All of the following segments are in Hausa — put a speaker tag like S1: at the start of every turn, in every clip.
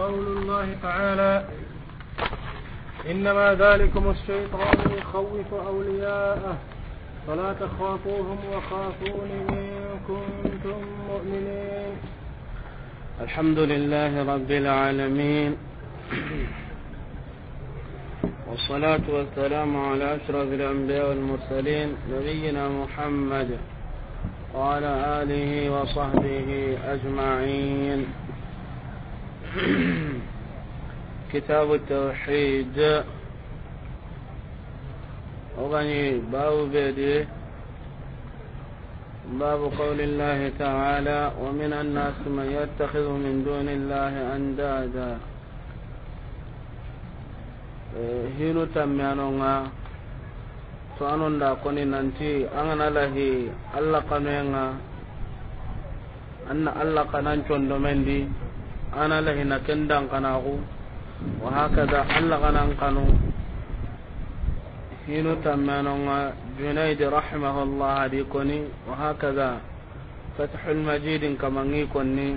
S1: قول الله تعالى إنما ذلكم الشيطان يخوف أولياءه فلا تخافوهم وخافون إن كنتم مؤمنين
S2: الحمد لله رب العالمين والصلاة والسلام على أشرف الأنبياء والمرسلين نبينا محمد وعلى آله وصحبه أجمعين كتاب التوحيد وغني باب بيدي باب قول الله تعالى ومن الناس من يتخذ من دون الله أندادا hinu tammianonga to anonda koni nanti angana lahi allah kanoyenga anna allah kanan condomendi ana la hina kendan kanaku wa hakaza alla kanan kanu hinu tammanonga junaidi rahimahullah adi koni wa hakaza fathul majid kamangi konni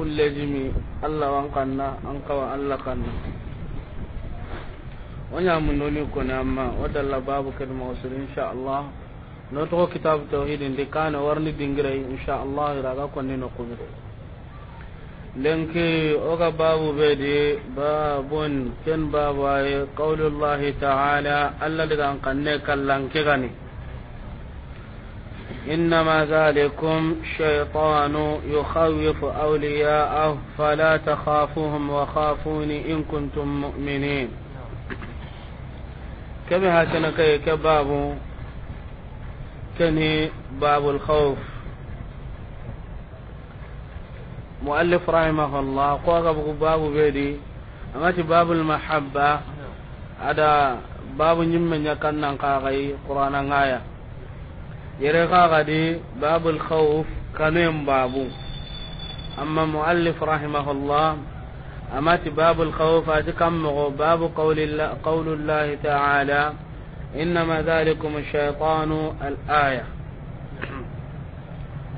S2: kulle jimi alla wan kanna an kawa alla kanna wanya mun doni koni amma wadalla babu kalma wasul insha Allah no to kitab tauhid indi kana warni dingirai insha Allah iraga konni no kubiro لنكي oga بابو be باب كن بابو قول الله تعالى ta'ala alla daga kanne غني ke إنما ذلكم شيطان يخوف أولياءه فلا تخافوهم وخافوني إن كنتم مؤمنين كبه هاتنا كي كباب كني باب الخوف مؤلف رحمه الله قوغ بابو بيدي أماتي باب المحبة هذا باب نمن يكنن قاغي قرآن غاية يرغى غدي باب الخوف كنين بابو أما مؤلف رحمه الله أماتي باب الخوف أتكمغ باب قول الله, قول الله تعالى إنما ذلكم الشيطان الآية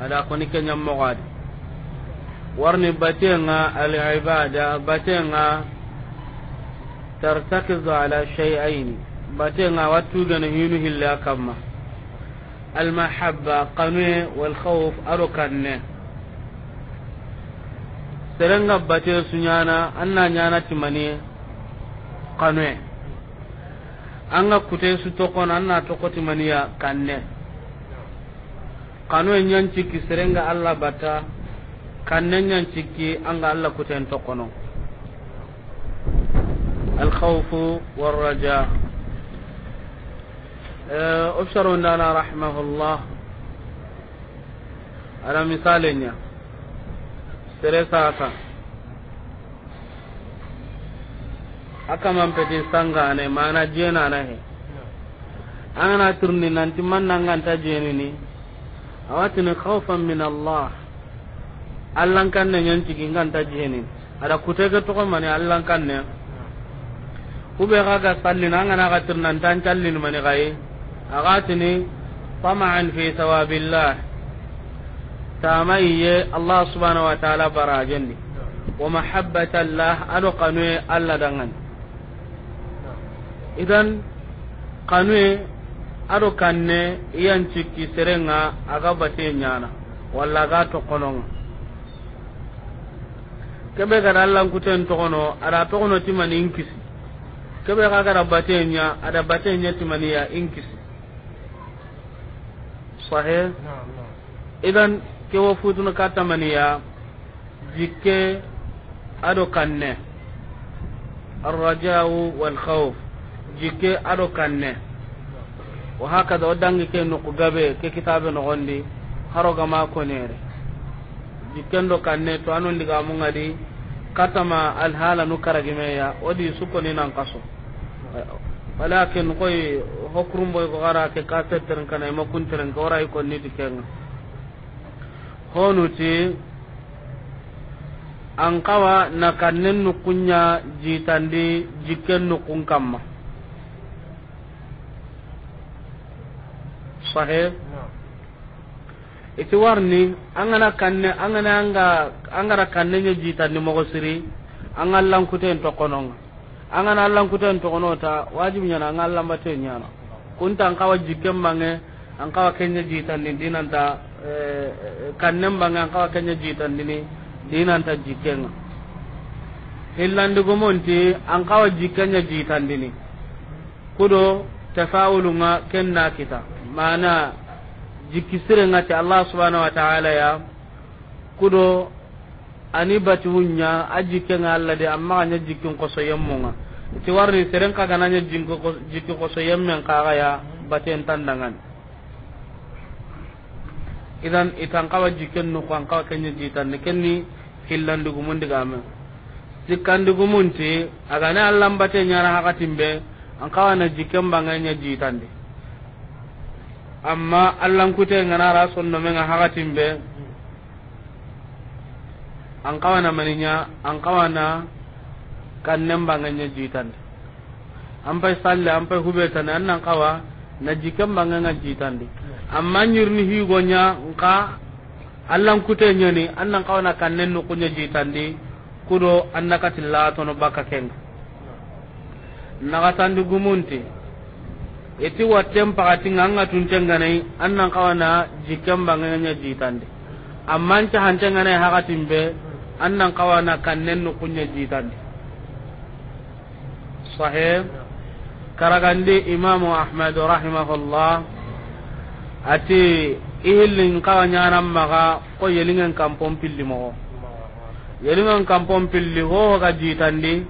S2: هذا كنك نمغادي warni batenga ibada batenga tartakizu ala shayain batenga gana hinu hilla kamma mahabba kanue wal khawf kanne serenga bate sunyana anna nyana timani kanue anga kute su tokona anna toko ya kanne kanue nyanchi serenga alla bata kannen yan cikki an ga Allah kuten to kono al khawfu war raja eh, obsharon dana rahmahullah ana misalenya sere sasa aka man pete sanga ne mana jena na he ana turni nanti man nanga ta jeni ni awatin khawfan min Allah allan kanne nyan tigi nganta jihene ada kutege to ko mane allan kan ne kanne kube ga ga salli na ngana ga tirnan tan callin mane kai agatini tama'an fi thawabillah tamayye allah subhanahu wa ta'ala barajendi wa mahabbatan lah ado kanue allah dangan idan kanue ado kanne iyan cikki serenga aga bate nyana walla aga tokononga kebe gara allan kuten togono ada togono timani inkisi kebe ga gara batenya ada batenya timani ya inkisi sahih idan ke wo futun katamani ya jikke ado kanne arrajau wal khawf jikke ado kanne wa hakaza o dangi ke nuku gabe ke kitabe nogondi haroga ma konere jikendo kanne to anon diga mun ngadi katama al hala nu karagimeya odi suko ni nan kaso walakin koy hokrum boy ko gara ke kasetren kana ma kuntren ko ray ko ni dikenga honuti an kawa na kannen nu kunya jitandi jikken nu kun kamma sahih iti warni angana kanne angana anga angara kanne nye jita ni mogo siri anga allan kuten tokono nga angana allan kuten tokono ta wajibu nyana anga allan bate nyana kunta angkawa jikem bange angkawa kenye jita ni dinanta eh, kanne bange angkawa kenye jita ni ni dinanta jikem nga hilandi gumunti angkawa jikenye jita ni kudo tafawulunga kenna kita maana jikisire ngati allah subhanahu wa ta'ala ya kudo ani bati hunya ajike nga allah de amma anya jikin koso yemmunga ti warni seren kaga nanya jinko jikko koso yemmen kaga ya baten tandangan idan itan kawa jikin no kan kawa kenya jitan ne kenni hillan dugu mun diga me sikkan dugu mun ti aga na allah baten nyara hakatimbe an kawa na jiken banganya jitan de amma allankute ngana ra sonno menga hakatin be an kawana maninya an kawana kan kannen banganya jitande an pai salle an pai hubetane an nan kawa na jiken banganga jitande amma nyirni higonya nka allankute nyani an nan kawana kan kannen nukunya jitande kudo an nakati tono baka kenga nakatandi gumunti iti watten pakati anga tuncen ganai annan kawana jikken banganya jitande amma ta hancen ganai hakatin be annan kawana kannen nu kunya jitande sahih karagandi Imam ahmad rahimahullah ati ihillin kawa ñanan maga ko yelingen kampon pilli mogo yelingen kampon pilli hoho ga jitandi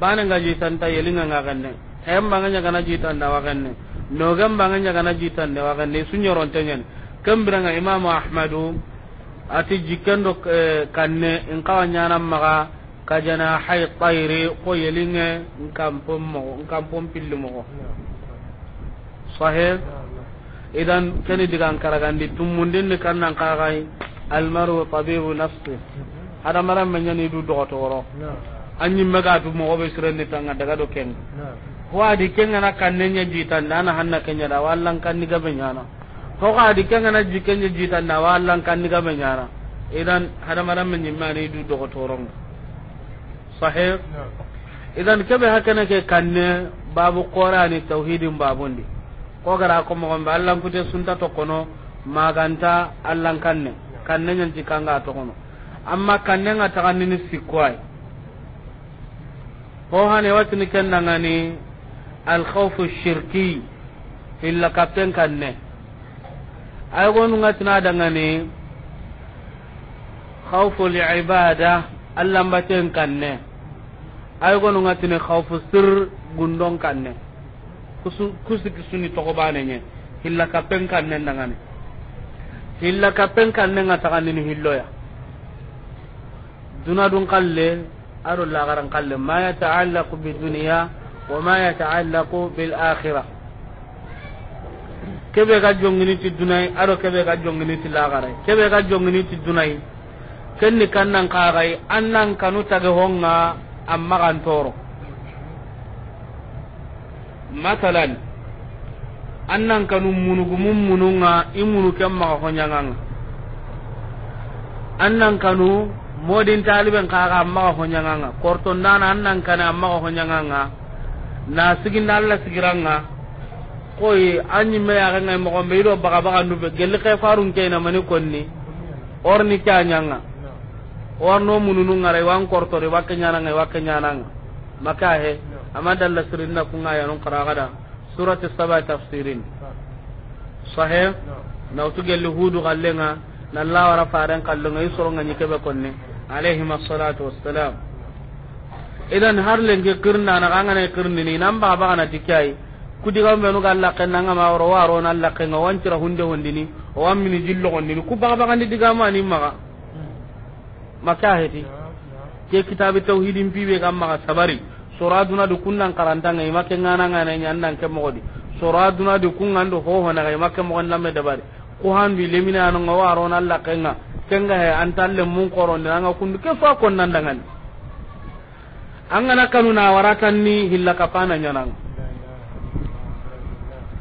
S2: banenga jitanta yelingenga ganden em banganya kana jitan da wakenne no gam banganya kana jitan da wakenne sunyo rontenyen kambiranga imamu ahmadu ati jikendo eh, kanne in kawanya nan maga kajana hay tayri ko yelinge in kampom mo in kampom pilli mo sahih idan kani digan karagandi tumundin ni kannan kagai almaru tabibu nafsi hada maran menyani du dogotoro anyi mega du mo be sirenni tanga daga do ken ho di kenga na kannenya jitan da na hanna kenya da wallan kanni gabe na ho ga di kenga na jikenya jitan da wallan kanni gabe na idan hada maram min yimani du do toron sahih idan kebe hakana ke kanne babu qur'ani tauhidin babundi ko gara ko mo gombe allan kute sunta to kono maganta allan kanne kanne nyen jikanga to kono amma kanne nga ni sikwai ho hane watni kennangani alkhawfu shirki illa kapten kanne ay gonu a dangane khawfu libada allah mbaten kanne ay gonu ngatne khawfu sir gundon kanne kusu kusu kisuni tokobane nye illa kapten kanne dangane illa kapten kanne ngatakani ni hilloya kalle aro lagaran kalle ma yata'allaqu bidunya وما يتعلق بالآخرة kebe ga jongini ti dunai aro kebe ga jongini ti lagare kebe ga jongini ti dunai kenni kannan kagai annan kanu tage honga amma kan toro masalan annan kanu munugu mummununga modin taliben kaga amma honyanganga korton dana annan kana amma honyanganga na sigin siginda alla sigiranga koy anyi me ya nga mo ko meiro baga baga ndu be gelle kay farun kay na mani konni nyanga or no mununu ngare wan kortore wakke nyananga wakke nyananga maka he amada alla sirinna kunga ya non qaragada surati saba tafsirin sahih na utu gelle hudu gallenga na lawara faran kallonga isoro nga nyikebe konni alayhi assalatu wassalam idan har lenge kirna na kanga ne kirni ni nan ba kana tikai kudi ga menu ga Allah nga ma waro waro na Allah kan wan tira hunde wonde ni o wan mini jillo wonde ni ku ba kana diga ma ni maka maka heti ke kitabi tauhidin bibe ga ma sabari suraduna du kunnan karanta ngai make ngana ngana nan ke modi suraduna du kunnan do ho ho na ngai make ngana me dabari ku han bi lemina no waro na Allah kan kenga he antalle mun koron nga kundu ke fa nan dangan an gana kanu na waratan ni hilla kapana nyanan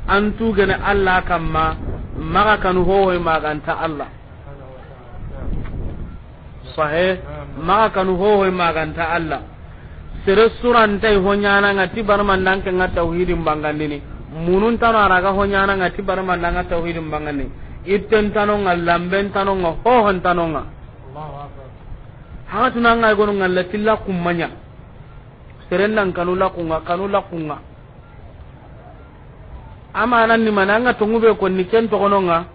S2: an tugene allah kamma maka kanu hohoy maganta allah sahe maka kanu hohoy maganta allah sere surantai ho nyana ñananga ti barmandanke nga tawhidin bangandini munun tano araga ho nyana ñananga ti barmandanga tawhidin bangandini itten tanonga lamben tanonga hohon tanonga hakatunangay gononga latilla kummanya serendan kanu lakunga kanu lakunga amana ni mananga tongube ko ni ken tokononga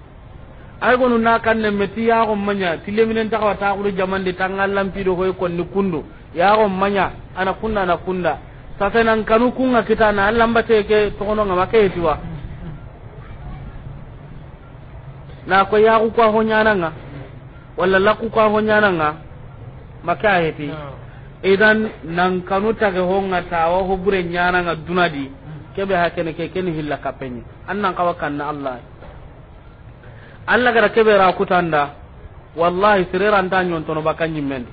S2: ay gonu na ne meti ya ko manya tileminen ta ta ko jaman de tangallam pido hoy ko ni kundu ya ko manya ana kunna na kunda sasa nan kanu kunga kita na allamba teke tokononga make tiwa na ko ya ko ko honyananga wala laku ko honyananga makahe ti yeah. idan nan kanu nga honga wa ho bure nyana nga dunadi kebe ha kene ke ken hilla kapenye annan kawa kanna allah allah gara kebe ra kutanda wallahi sirera nta nyontono baka nyimmendi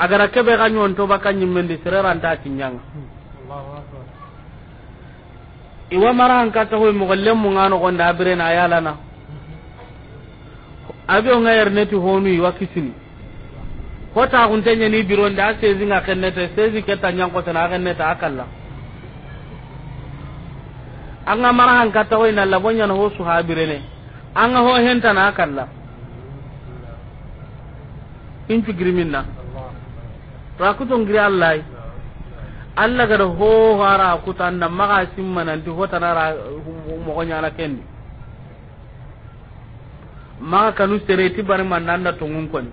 S2: agara kebe ga to baka nyimmendi sirera nta nyanga iwa mara hankata hoy mogollem mu ngano gonda abirena na abi o neti honu iwa kisini kota n'i biro bironde a sezi nga kennete sezi keta nyankotena a kennete a kalla an ga mara hankata wai ko labon yana ho su habire ne an ga ho henta na kalla in fi ra na rakutun giri Allah Allah gar ho hara na nan maka sin mananti ho ta nara mako nyana kenni maka kanu sere ti bari man nan da tungun ni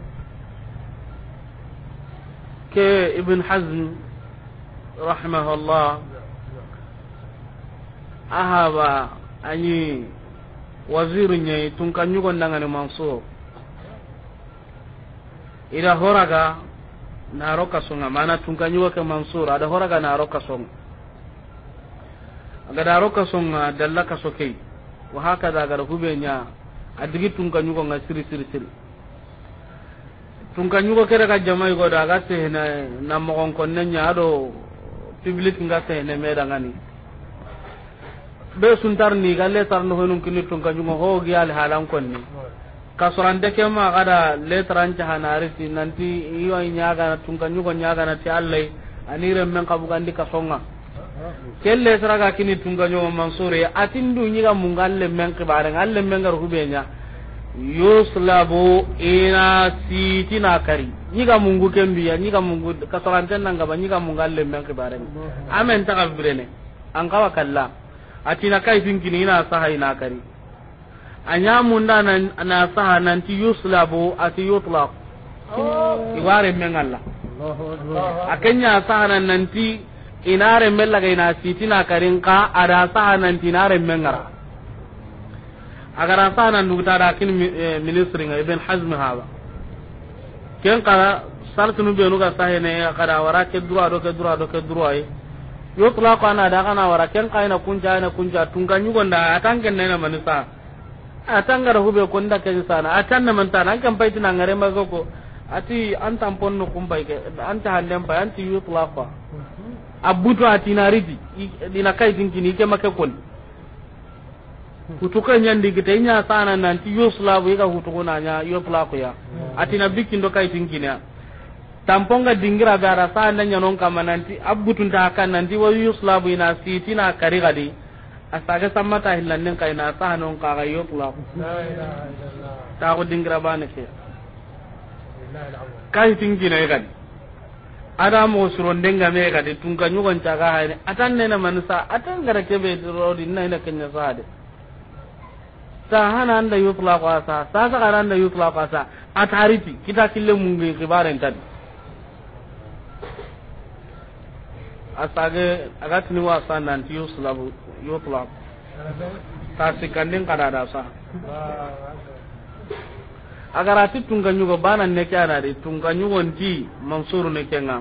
S2: ke ibn hazm rahimahullah ahaba anyi waziru nyai tun kan yugo ndangani mansur ida horaga na roka songa mana tun kan yugo ke mansur ada horaga na roka songa aga da roka songa dalla ka sokei wa haka da ga hubenya adigi tun kan yugo ngasiri siri, siri. tunka ñugo kere ga jamai godo aga sehne na mogon konne nya ado public nga sehne meda ngani be suntar ni galle tar no honum kini tunka ñugo ho gi al halan konni kasorande ke ma gada letran ca hanariti nanti iyo ñagana tunka ñugo na ti allai ani remmen kabugandi kasonga kelle saraga kini tunga ñogo mansure atin du ñiga munga alle men kibare alle men gar hubenya yuslabu ina sitina kari ñiga mungu kenduya ñiga mungu kasoranten nangaba ñiga mungu allen men kibareng amen taxa virene an kawa kalla atina kayfinkini ina saha ina kari a ñamunda na saha nanti yuslabu ati yutlaq
S1: oh. iwaren
S2: men alla a kenya sahana nanti ina remmen laga ina sitina karin ka ada saha nanti ina remmen ngara agar sana nduguta da kin eh, ministry nga ibn hazm hawa ken kara sartu be benu ga sahene kada wara ke dura do ke dura do ke dura yi yutla ko ana da kana wara ken na kunja na kunja tunga nyugo nda atangen nena manisa atangara hube ko nda ken sana atanna na tan an kan paitina ngare mazoko ati an tampon no kumbai ke an ta handen bai an ti ko abutu atinaridi dina kai dinkini ke make koni hutuka nyandi gita inya sana nanti yuslabu ika na nya yuslaku ya na bikin do kai ya tamponga dingira gara sana nya non kama nanti abutu ta kan nanti wa slavu ina na kari gadi asaga samata hillannen kai na sana non ka yo yuslaku ta ko dingira bane ke kai ya kan ada mo suron denga me gadi tunga nyugon caga hayne atan ne na manusa atan gara kebe rodi na ina kenya sade sahana anda yutlaqu asa sasa kana anda yutlaqu asa atariti kita kille mungi kibare tadi asage ni wa sanan ti yutla yutlaq tasikandin kada da sa agarati tunganyugo bana ne kana de tunganyugo ndi mansuru ne kenga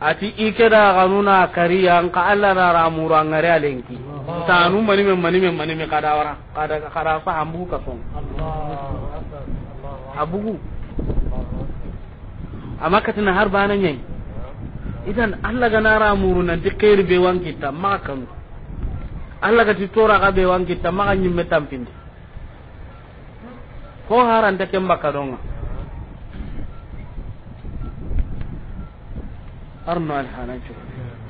S2: ati ike da ganuna kariya ka Allah na ramuru an gare alenki tanu mani men mani men mani me kada wara kada kada fa ambu ka son abugu amma tana har ba nan yayi idan Allah ga na ramuru nan duk kairi be wan kita ma kanu Allah ga ti tora ga be wan kita ma kan nyimme tampinde ko haran da kemba kadonga arno alhanancu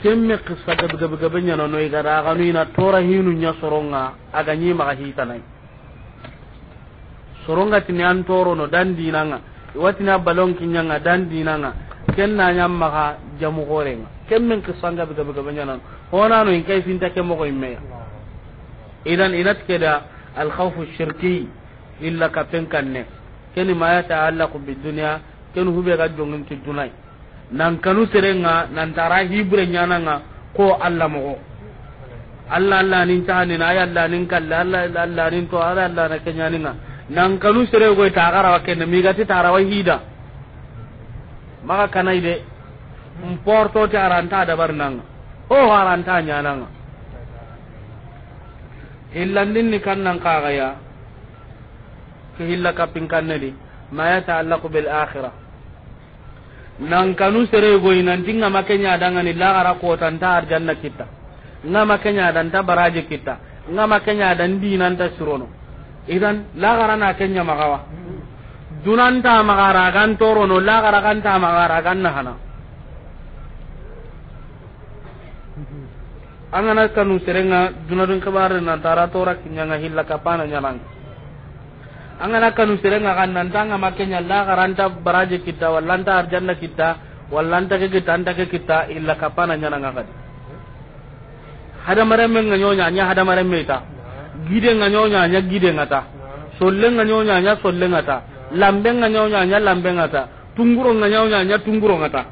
S2: kemme qissa gabe gabe gabe nyana noy gara ganu ina tora hinu nya soronga aga nyi hita hitanai soronga tini an toro no dan dinanga watina balon kinyanga dan dinanga ken na nya maka jamu gorenga kemme qissa gabe gabe gabe nyana hona no in kai finta kemmo ko imme idan inat keda al khawfu shirki illa ka penkanne keni ma ya ta'allaqu bid dunya ken hube ga jongin tu dunai nan kanu serenga nan tara hibre nyana nga ko alla mogo Allah alla nin ta na ya Allah nin kalla Allah alla nin to ara Allah na nga nan kanu sere go e ta gara wa wake na migati tara wa hida maka kanai de mporto ta aranta da barnanga o aranta nyana nga nyananga nin ni kan nan ka ga ya ke hilla ka ne di ma ya ta'allaqu bil akhirah nan kanu sere goyi nan tinga makenya adanga ni lagara ko tanta arjanna kita nga makenya danta baraje kita nga makenya dan dinan ta surono idan lagara na kenya magawa dunanta magara gan torono lagara kan ta magara gan nahana.
S3: hana
S2: angana kanu serenga dunadun kabar nan tara tora kinyanga hilla kapana nyalang angana kanu serenga kan nan tanga makenya la garanta baraje kita wallanta arjanna kita wallanta ke kita anda ke kita illa kapana nyana ngakad hada maremme nga nyonya nya hada maremme ta gide nga nyonya nya gide ngata solle nga nyonya nya solle ngata lambe nga nyonya nya lambe ngata tunguro nga nyonya nya tunguro ngata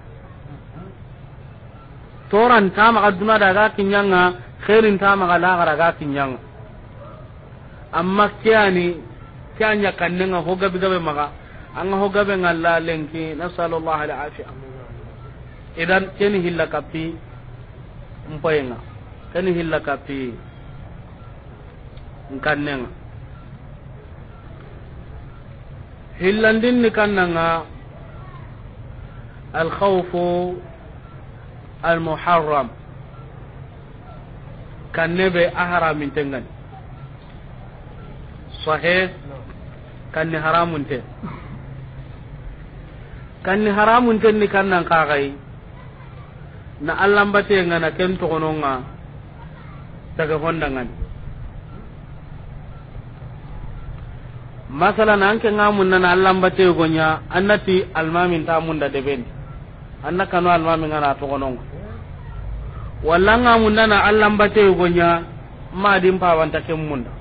S2: toran tama kaduna daga kinyanga khairin tama kala gara ga kinyanga amma kiyani kanya kannenga hoga bigabe maga anga hoga be ngalla lenki nasallallahu alaihi afi idan keni hilla kapi mpoyenga keni hilla kapi nkannenga hillandin ni kannanga الخوف المحرم كان نبي أهرى من تنغني صحيح kanni haramun kanni kan ni nan kaxay na nga na ken toxononga tage masala na an ke ngamun nan go nya annati almamin ta munda debendi anna kanu almamin ngana toxononga walla ngamun nana allahmbate gonya madin pawanta ken munda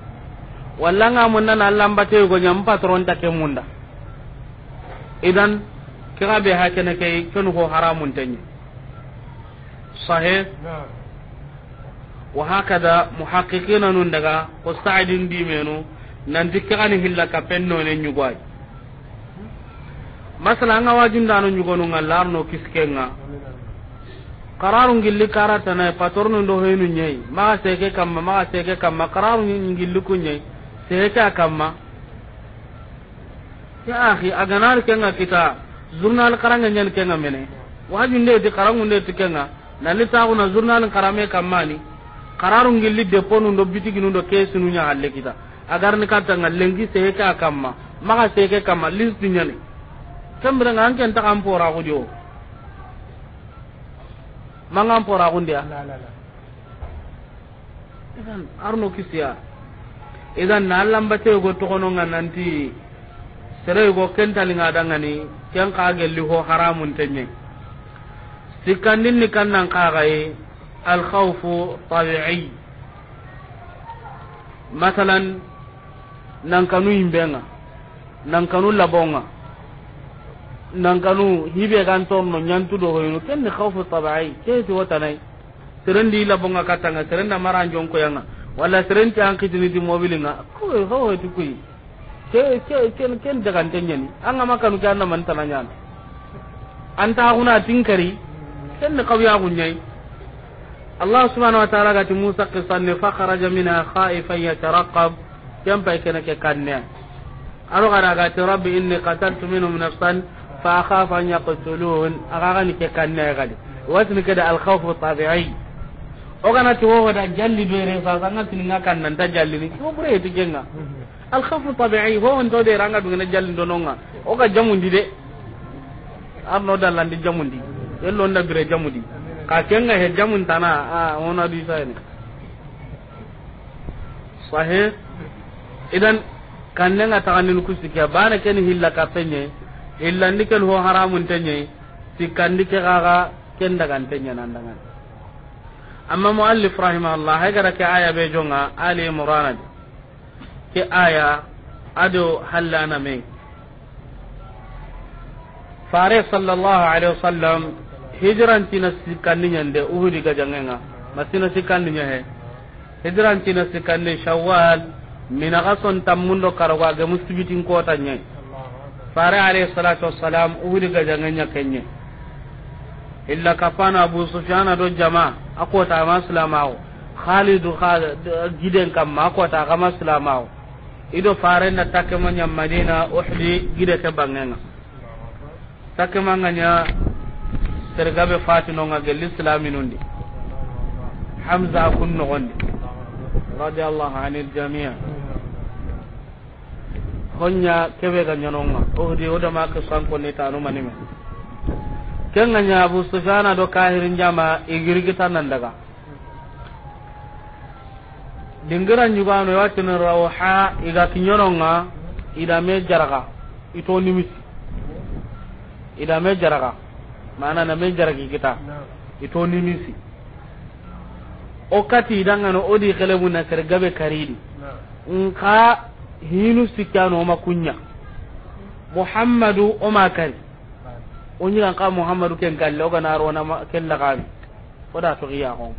S2: walla nga mun na Allah mbate go nyam patron ta ke munda idan kira be kene ke kenu ko haramun tanyi sahih wa hakada muhaqqiqina nun daga ko sa'idin di menu nan ni hilla ka penno ne nyugwai masala nga wajin dano nyugonu ngalarno kiskenga qararun gilli karata na patornu ndo heenu nyai ma seke kam ma seke kamma qararun gilli kunyai seka kamma ya a aganar kenga kita journal karanga nyen kenga mene wajun de karamu karangu kenga nalli taxu na journal karame kammani kararu ngilli depo nu do bitigi nu do kesi nu ñahalle kita agarni kattanga lengi seeke a kamma maxa seeke kamma listi ñani kembirenga an ken taxan poraxudi o mangan poraxundiya arno kisiya idan na allan bate go to kono nanti sere go kentali ngadanga ni ken ka gelli ho haramun tenye sikandin ni kannan ka gai al khawfu tabi'i masalan nan kanu imbenga nan kanu labonga nan kanu hibe kan torno nyantu do hoyno ken ni khawfu tabi'i ke ti wotanai serandi labonga katanga serenda maranjon ko yanga wala serenti an kitini di mobile nga ko ho ti kuy ke ke ken ken daga tanyani an ga maka nu kana man tananya an ta huna tinkari ken ne kawiya gunyai Allah subhanahu wa ta'ala ga Musa qisan ne fa kharaja minha khaifan yataraqab kam pai kana ke kanne aro gara ga ti rabbi inni qataltu minhum nafsan fa akhafu an yaqtulun aga ga ni ke kanne ga ni wasni kada al khawfu tabi'i o kana to o da jalli bere fa sanga tininga kan nan ta jalli ni ko bure ti genga mhm. al khawfu tabi'i ho on to de ranga dugene jalli nonga. o ga jamundi de arno dallandi jamundi yello onda bire jamudi ka kenga he jamun tana a ona di sai ne sahih idan kan kannenga taganin kusikiya bana ken hilla ka penye hillandi ken ho haramun tenye sikkandi ke kaga ken dagantenye nandangan amma muallif rahimahullah hay gara ke aya be jonga ali imran ke aya ado hallana me fare sallallahu alaihi wasallam hijran tina sikandi nyande uhudi ga jangenga masina sikandi nyahe hijran tina sikandi shawwal mina gason tammundo karoga ga musibitin kota nyai fare alaihi salatu wassalam uhudi ga jangenya kenye illa kafana abu sufyan do jama akota ma salamawo khalid giden ma akota kama salamawo ido fare na takema nya madina uhdi gide ke bangenga takema nganya sergabe fatino nga gel islaminundi hamza Kun kunno gondi radiyallahu anil jami'a honya kebe ga nyanonga uhdi odama ma ke sanko ne tanu manima kenga nya abu sufyana do kahirin jama igirgita nan daga dingiran no watin rawha iga kinyoronga ida me jaraga ito nimis ida me jaraga mana na me jaragi kita ito nimisi o kati no odi kelebu na sergabe karidi nka hinu sikano makunya muhammadu o makari onyigan ka muhammadu ken galle o gana rona ken lagami o da toki ya kon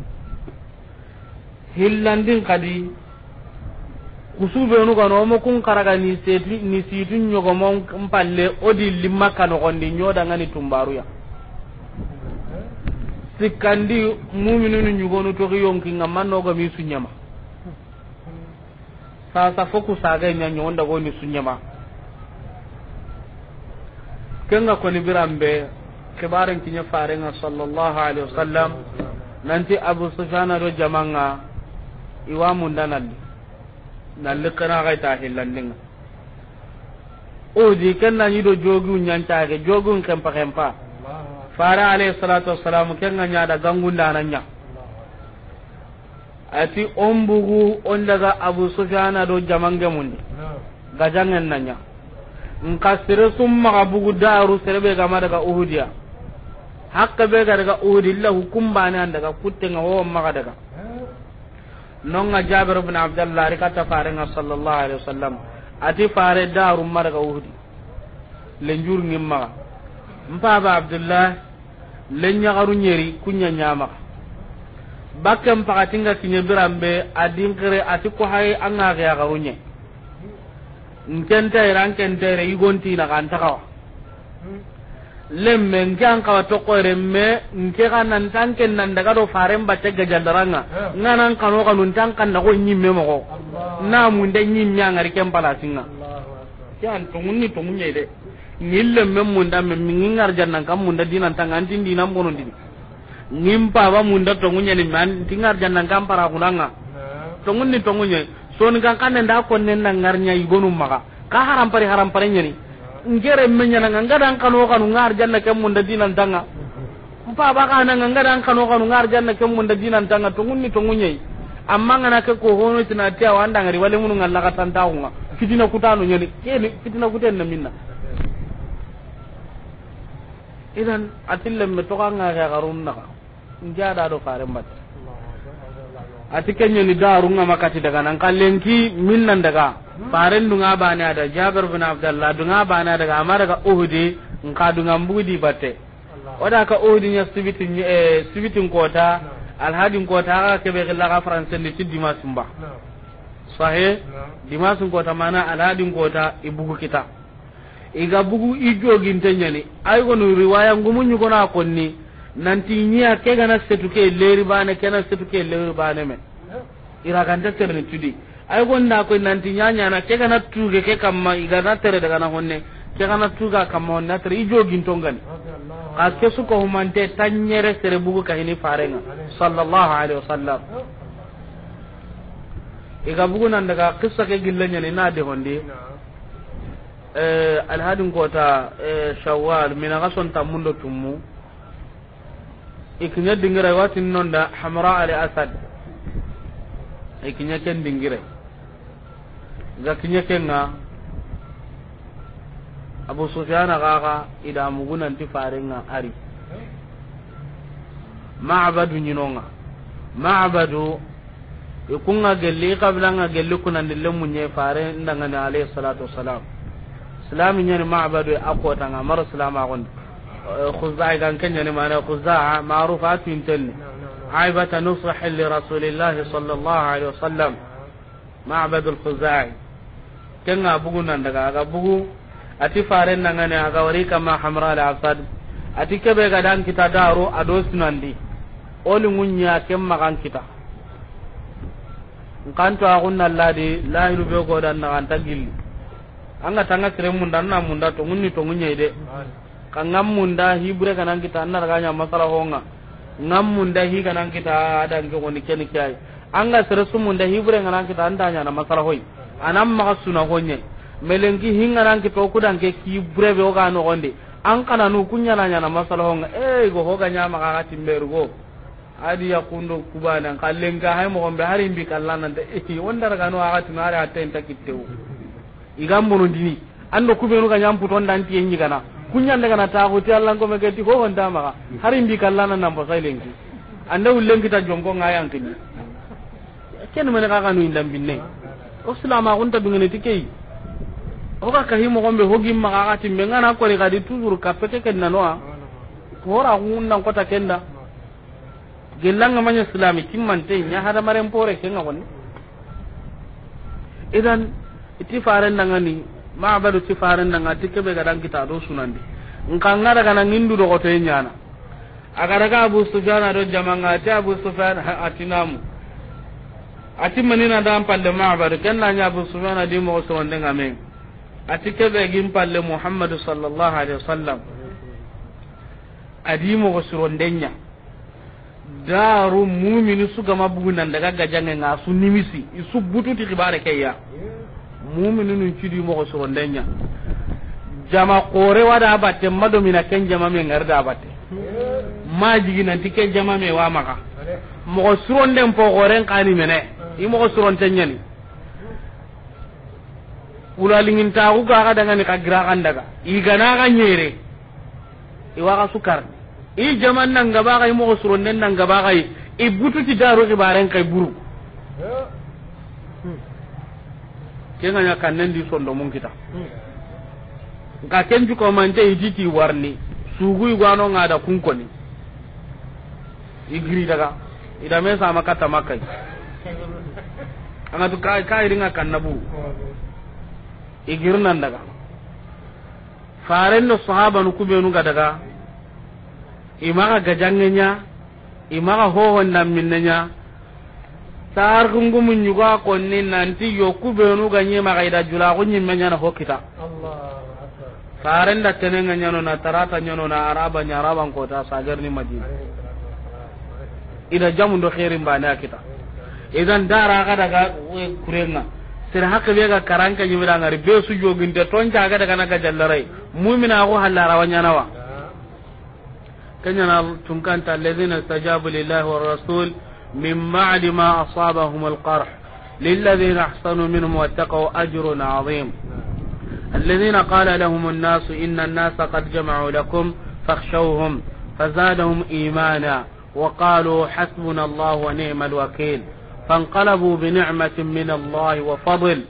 S2: hillandin kadi kusubenu gano omo kun karaga ni setu ni situ nyogomo mpalle odi limma kano gondi nyoda ngani tumbaru ya sikkandi muminunu ñugonu toxi yonkinga mannogami suñama sasa foku saga ña ñogon dagoni kenga koni birambe kibaren kinya farenga sallallahu alaihi wasallam nanti abu sufyan ro jamanga iwa munda nalli nalli kana ga ta hillandinga di kenna ni do jogu nyanta ga jogu kempa kempa fara alaihi salatu wassalam kenga nya da gangunda nya. ati ombugu bugu on daga abu sufyan ro jamanga mundi gajangen nanya nka sere maga bugu daru be gama daga uhudiya hakka be ga daga uhudi illa hukum bani an daga kuttenga wo maga daga nonga jabir ibn abdullah rika ta fare nga sallallahu alaihi wasallam ati fare daru maraga uhudi ngi ma mpa ba abdullah lenya garu nyeri kunya nyama bakam pakatinga kinye birambe adinkere ati ko hay anga ga garunye nkenta ira nkenta ira igonti hmm. na kan takawa lemme nke an kawa tokore me nke ka nan tanke nan daga do faren bacce hmm. ga jandaranga nganan kano kanu tan kan na ko nyimme mo na mun de nyimme an ari kem pala singa yan tungunni tungunye de ngille mem mun da mem ngingar jannan kam mun da dinan an tin dinan bonon din ngimpa ba mun da tungunye ni man tingar jannan kam para kunanga tungunni tungunye to ni kan kan nda ko na ngar ngarnya igonum maka ka haram pare haram pare nyani ngere menya nga ngadan kanu kanu ngar janna kem mun da danga. tanga mpa ba ka nga ngadan kanu kanu ngar janna kem mun da danga tanga to ngunni to ngunyai amma ngana ke ko hono tina tiya wanda ngari wale mun ngalla ka tanta hunga fitina kutano nyani keni fitina kuten na minna idan atille me to kan ngara garun naka njada do kare mbatta ati kenya ni daru nga makati daga nan min minnan daga faren nga bani ada jabir bin abdullah nga bani daga amara ga uhudi nka nga mbudi batte oda ka uhudi nya sibitin e eh, sibitin kota alhadin kota ka kebe gilla ka france ni dimas mba sahe dimas kota mana alhadin kota ibugu kita iga bugu ijo gintenya ni ay gonu riwaya ngumunyu kona konni nanti ñiya ke gana setu ke leri bane kena setu ke leri bane me iraganta tere tudi ay gonda ko nanti nya ñañana ke gana tuge ke kamma igana tere daga na honne ke gana tuga kamma honne atere i jogintongani ka ke suko humante tanñere sere bugu kahini farenga sallallahu alaihi wasallam iga bugu nan daga qissa ke gilla ñani na de hondi eh alhadin kota eh shawwal mina ga son tummu ikinya dingira watin nonda hamra al asad ikinya ken dingira ga kinya kenga abu sufyan gaga ida mugunan ti farenga ari ma'badu nyinonga ma'badu ikunga gelli nga gelli kunan dille munye fare ndanga ni alayhi salatu wassalam Salam nyani ma'badu akota nga mar salama gondi خزاع إذا كان يعني معنى خزاعة معروفة من تل عيبة نصح لرسول الله صلى الله عليه وسلم معبد الخزاعي كان أبوه نندقى أبوه أتي فارن نغني أغوريك ما حمراء العصد أتي كبه غدان كتا دارو أدوس نندي أولي منيا كم مغان كتا nkanto agunna alladi lahiru be godan naxanta gilli anga tanga sire munda nna munda tongunni tonguñei de ka da hibre kanan kita annar ganya masala honga da hi kanan kita ada ngi woni ken kai anga da hibre kanan kita andanya na masala hoy anam ma suna honye melengi hinga nan kita ku dan ke hibre be oga no gonde an kana nu kunya nanya na masala honga e go hoga nya ma ka timbergo adi ya kundo kubana kallenga hay mo gombe hari mbi kallana de e eh, wonda daga no aga tunare atta en takittew igam bonondini ando kubenu ga nyamputon dan tiyen nyigana kunyan daga na taxuti allankome Allah ko hontamaxa har imbi kallana namposa lenki anda wullenkita jonko ngayankini ken nu indam binne o silamaxunta dungeneti kei ka kahi moxonɓe hogimmaxa xatimɓe ngana kori di tuzur ka pete ken nanoa hora xunnankota kenda gellanga maña te timmante ña hadamaren pore ko xonni idan iti ni. ma badu ti faran daga kebe ga dan kita do sunandi kan ngara kana ngindu do goto nyana aga daga abu sufyan ado jamanga ta abu sufyan atinamu ati manina dan palle ma kan kenna nya abu sufyan adi mo so wande ngame ati kebe be gim palle muhammadu sallallahu alaihi wasallam adi mo so ndenya daru mu'minu su gama bugunan daga gajange nga su nimisi isu bututi kibare kayya mu'minun cidi mo sorondenya jama kore wada batte mado mina ken jama me ngarda batte ma jigi nan tike jama me wa maka mo suronden po goren kani mene i mo surontenya ni ulalingin taxu gaxa dangani xa giraxan daga iganaxa ñeere iwaxa sukar i jaman nangabaxay moxo suronden nangabaxay i bututi daru xibaren kay buru kenga nya kannen di sondo mun kita ka ken juko mante iditi warni sugu igwano ngada kunkoni igri daga ida me sama kata makai anga to kai kai ringa kannabu igirnan daga faren no sahaba nu kube nu daga imaga gajangenya imaga hohon nan minnenya tarkungu mun yugo konni nanti yoku benu ganye magaida jula ko menya na hokita tene nganya no na tarata nyono na araba nya araba ko ta sagar ni majid ida jamu do khairin ba na kita idan dara ga daga kurenga sir hakka be ga karanka da ngari be su joginte ton ja ga daga naga jallarai mu'mina ko hallara wanya nawa kanyana tunkanta alladhina stajabu lillahi war rasul من بعد ما أصابهم القرح للذين أحسنوا منهم واتقوا أجر عظيم الذين قال لهم الناس إن الناس قد جمعوا لكم فاخشوهم فزادهم إيمانا وقالوا حسبنا الله ونعم الوكيل فانقلبوا بنعمة من الله وفضل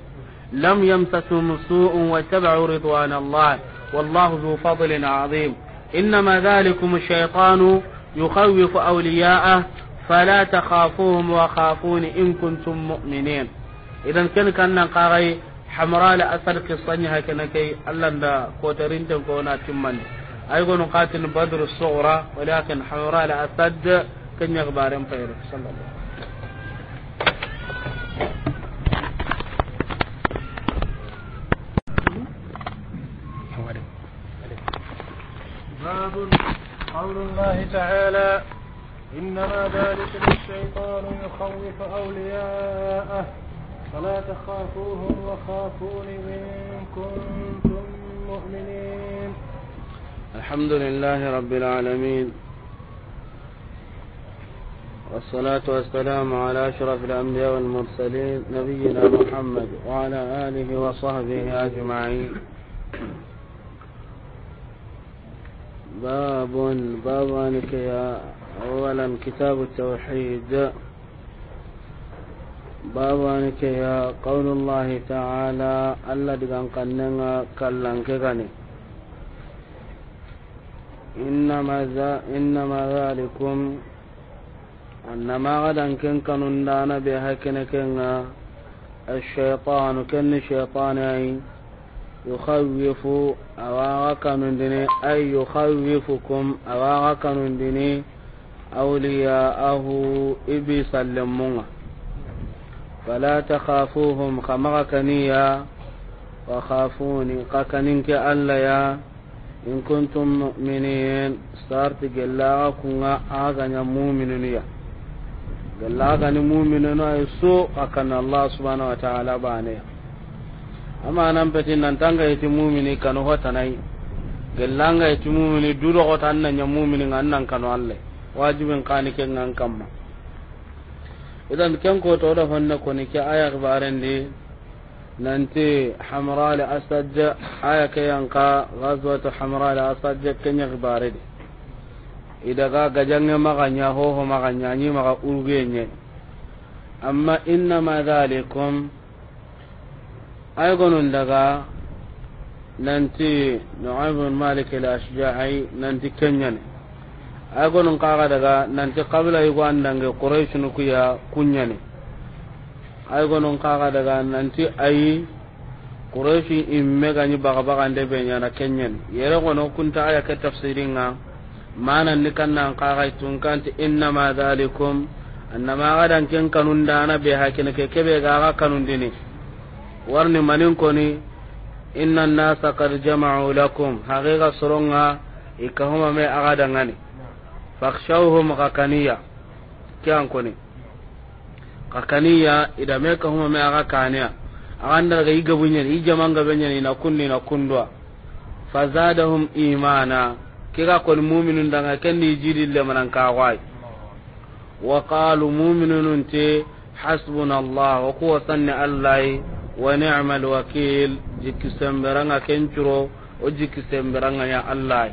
S2: لم يمسسهم سوء واتبعوا رضوان الله والله ذو فضل عظيم إنما ذلكم الشيطان يخوف أولياءه فلا تخافوهم وخافون إن كنتم مؤمنين إذا كان كان قاري حمراء لأثر قصة كنكي ألا دا كوترين تنكونا تمني أيضا نقاتل بدر الصغرى ولكن حمراء لأسد كن يغبارين فيرك صلى الله عليه وسلم
S1: باب قول الله تعالى إنما ذلك الشيطان يخوف أولياءه فلا تخافوهم وخافون إن كنتم مؤمنين
S2: الحمد لله رب العالمين والصلاة والسلام على أشرف الأنبياء والمرسلين نبينا محمد وعلى آله وصحبه أجمعين باب باب يا أولا كتاب التوحيد بابا يا قول الله تعالى الذي كان قننا كلن كغني إنما ذا إنما ذلكم أنما غدا كن كن دانا بها كن كن الشيطان كن شيطان يخوف أواغا كن دني أي يخوفكم أواغا كن دني أولياءه إبي سلمونا فلا تخافوهم خمغ كنيا وخافوني قكننك ألا إن كنتم مؤمنين صارت جلاغكم آغن مؤمنين جلاغن مؤمنين يسوء ya الله سبحانه وتعالى بانيا wa ta'ala bane amma nan peti nan tanga yati mumini kanu hotanai galla ga yati mumini duro hotan nan ya mumini nan kanu Allah wajibin kani ke nan kamma idan ken ko to da honna ko ni ke aya gbaran de nanti hamra al asad aya ke yanka ghazwatu hamra al asad ken gbaran de ida ga gajange maganya ho ho maganya ni maga urgenye amma inna ma zalikum ay daga nanti nu'aym malik al ashja'i nanti kenyane agonun kaga daga nanti kabila yugo andange quraish nu kuya kunyani agonun kaga daga nanti ayi quraish mega ni baga baga nde be nyana kenyen yere gono ta aya tafsirin tafsiringa mana ni kanna kaga tun kanti inna ma zalikum annama gadan ken kanun dana be hakene ke kebe gaga kanun dini warni manin ni inna an-nasa qad jama'u lakum haqiqa suronga ikahuma me aga dangani fakhshawhum ghakaniya kyan koni ghakaniya ida me ka huma me aga kaniya aganda ga iga bunyen i manga benyen ina kunni na kundwa fazadahum imana kiga kon mu'minun danga kenni jidi le manan ka wai wa qalu mu'minun te hasbuna wa quwa sanna allah wa ni'mal wakil jikki semberanga kencuro o jikki semberanga ya allah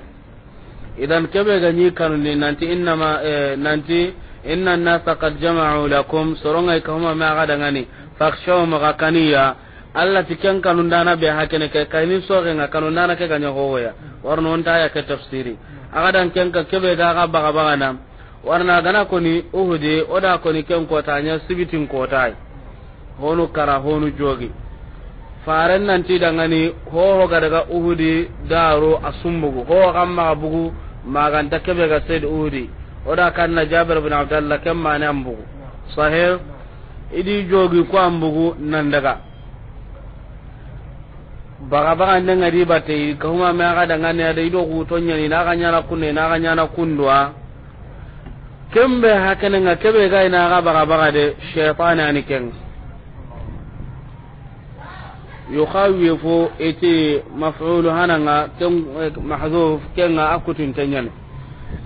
S2: idan keɓe ga ñikanundi nanti innama e, nanti inna annasa kad jamaru lakum sorongay kahuma maxa dangani fakshawma ga kaniya allah ti ken kanundana ɓe ha kene ke kayni soxenga kanundana ke ga ñoxowoya warno onta yake tafsiri axa dan kenka keɓe gaxa baxa baxana warna gana koni uhudi oda koni ken kotaña sibitin kotay honu kara honu jogi faren nanti dangani hoho ga daga uhudi daru asumbugu hoho kam maga bugu maganta kebe ga said uhudi oda kanna jabir bin abdallah ken mane an bugu sahih idi jogi ko an bugu nan daga baga baga nden ngadi batte ka huma me aga daga ne ada ido ku tonya ni na ganya na kunne na ganya na kundwa kembe hakene nga kebe ga ina aga baga baga de shaytan ani kenga yukhawiye fo ite maf'ul hananga ken eh, mahzuf kenga akutun tanyane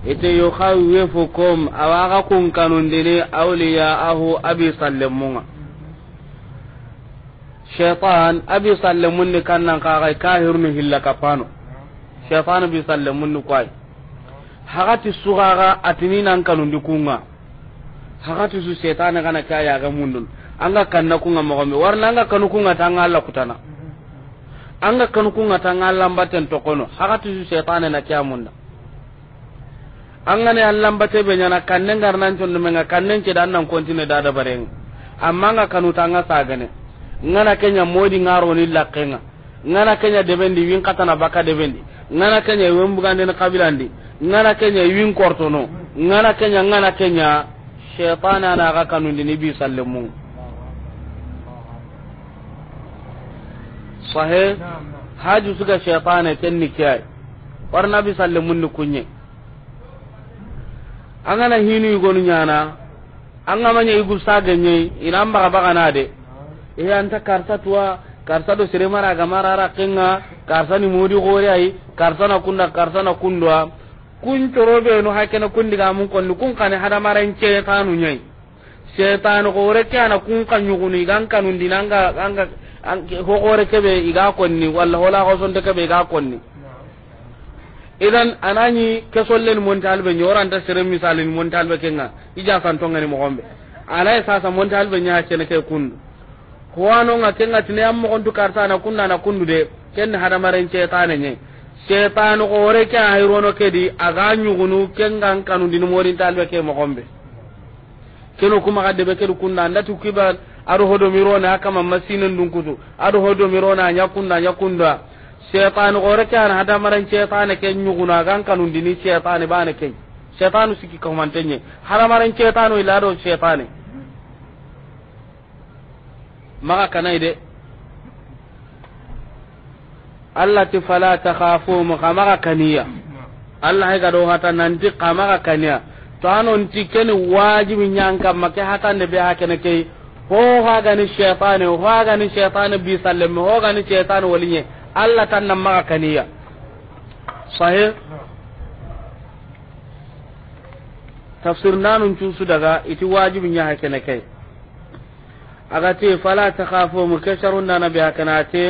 S2: ite yukhawiye fo kom awaga kun kanundini awliya ahu abi sallamunga shaytan abi sallamunni kannan kaga kahirnu hilla kapano shaytan abi sallamunni kwai hagati sugaga atini nan kanundi kunga hagati su shaytan kana kaya ga mundun anga kanna kunga mogomi warna anga kanu kunga tanga Allah kutana an kan anga kanu kunga tanga allambaten tokono hakatu shaytane na an anga ne allambate be nyana kanne ngarnan ton kan kanne ce dan nan kontine dada bareng amma nga kanu tanga sagane ngana kenya modi ngaro ni lakkenga ngana kenya debendi win katana baka debendi ngana kenya wembugande na kabilandi ngana kenya win kortono ngana kenya ngana kenya shaytana na ga kanu ni bi sallamu sahe haju suga shaytana ken ni kiyai warna bi salle munni kunye angana hinu igonu nyana anga manya igu sage nye inamba ka baka nade e anta karsa tuwa karsa do sere mara ga marara kenga karsa ni modi gore ai karsa na kunda karsa na kundwa kun torobe no hakena kundi ga mun konni kun kane hada maran ce tanu nyai setan gore kana kun kan yuguni gan kanun dinanga anga hokore keɓe iga konni walla hola hosonte keɓe iga konni idan anani kesolleni montalɓe ñoranta sere misalini montalɓe kenga ija santongani mogonɓe alaye sasa nya ñaha cene ke kundu howanonga kenga tine am mogontu karta ana kunna na kundu de kenni hadamaren ce ta setane hore ke a ke di aga kanu kengan kanudini talbe ke mogonɓe keno kuma ka deɓe kedi kundu andati kiba ado hodo mirona akama masinen dun kutu ado hodo mirona nyakunda nyakunda shaytan gore kan hada maran shaytan ken nyuguna gan kanun dini shaytan bana ken shaytanu siki ko mantenye hada maran shaytanu ilado shaytan maka kanai de Allah ti fala takhafu mu kamaka kaniya Allah ga do hata nanti kamaka kaniya to anon ti wajibi nyanka make hata ne be hakene kei ko hagani shaytan ho hagani shaytan bi sallam ho hagani shaytan waliye allah tan nan maka kaniya sahih tafsir nanun cusu daga iti wajibi ya hakene kai te fala takhafu mukasharun nana bi te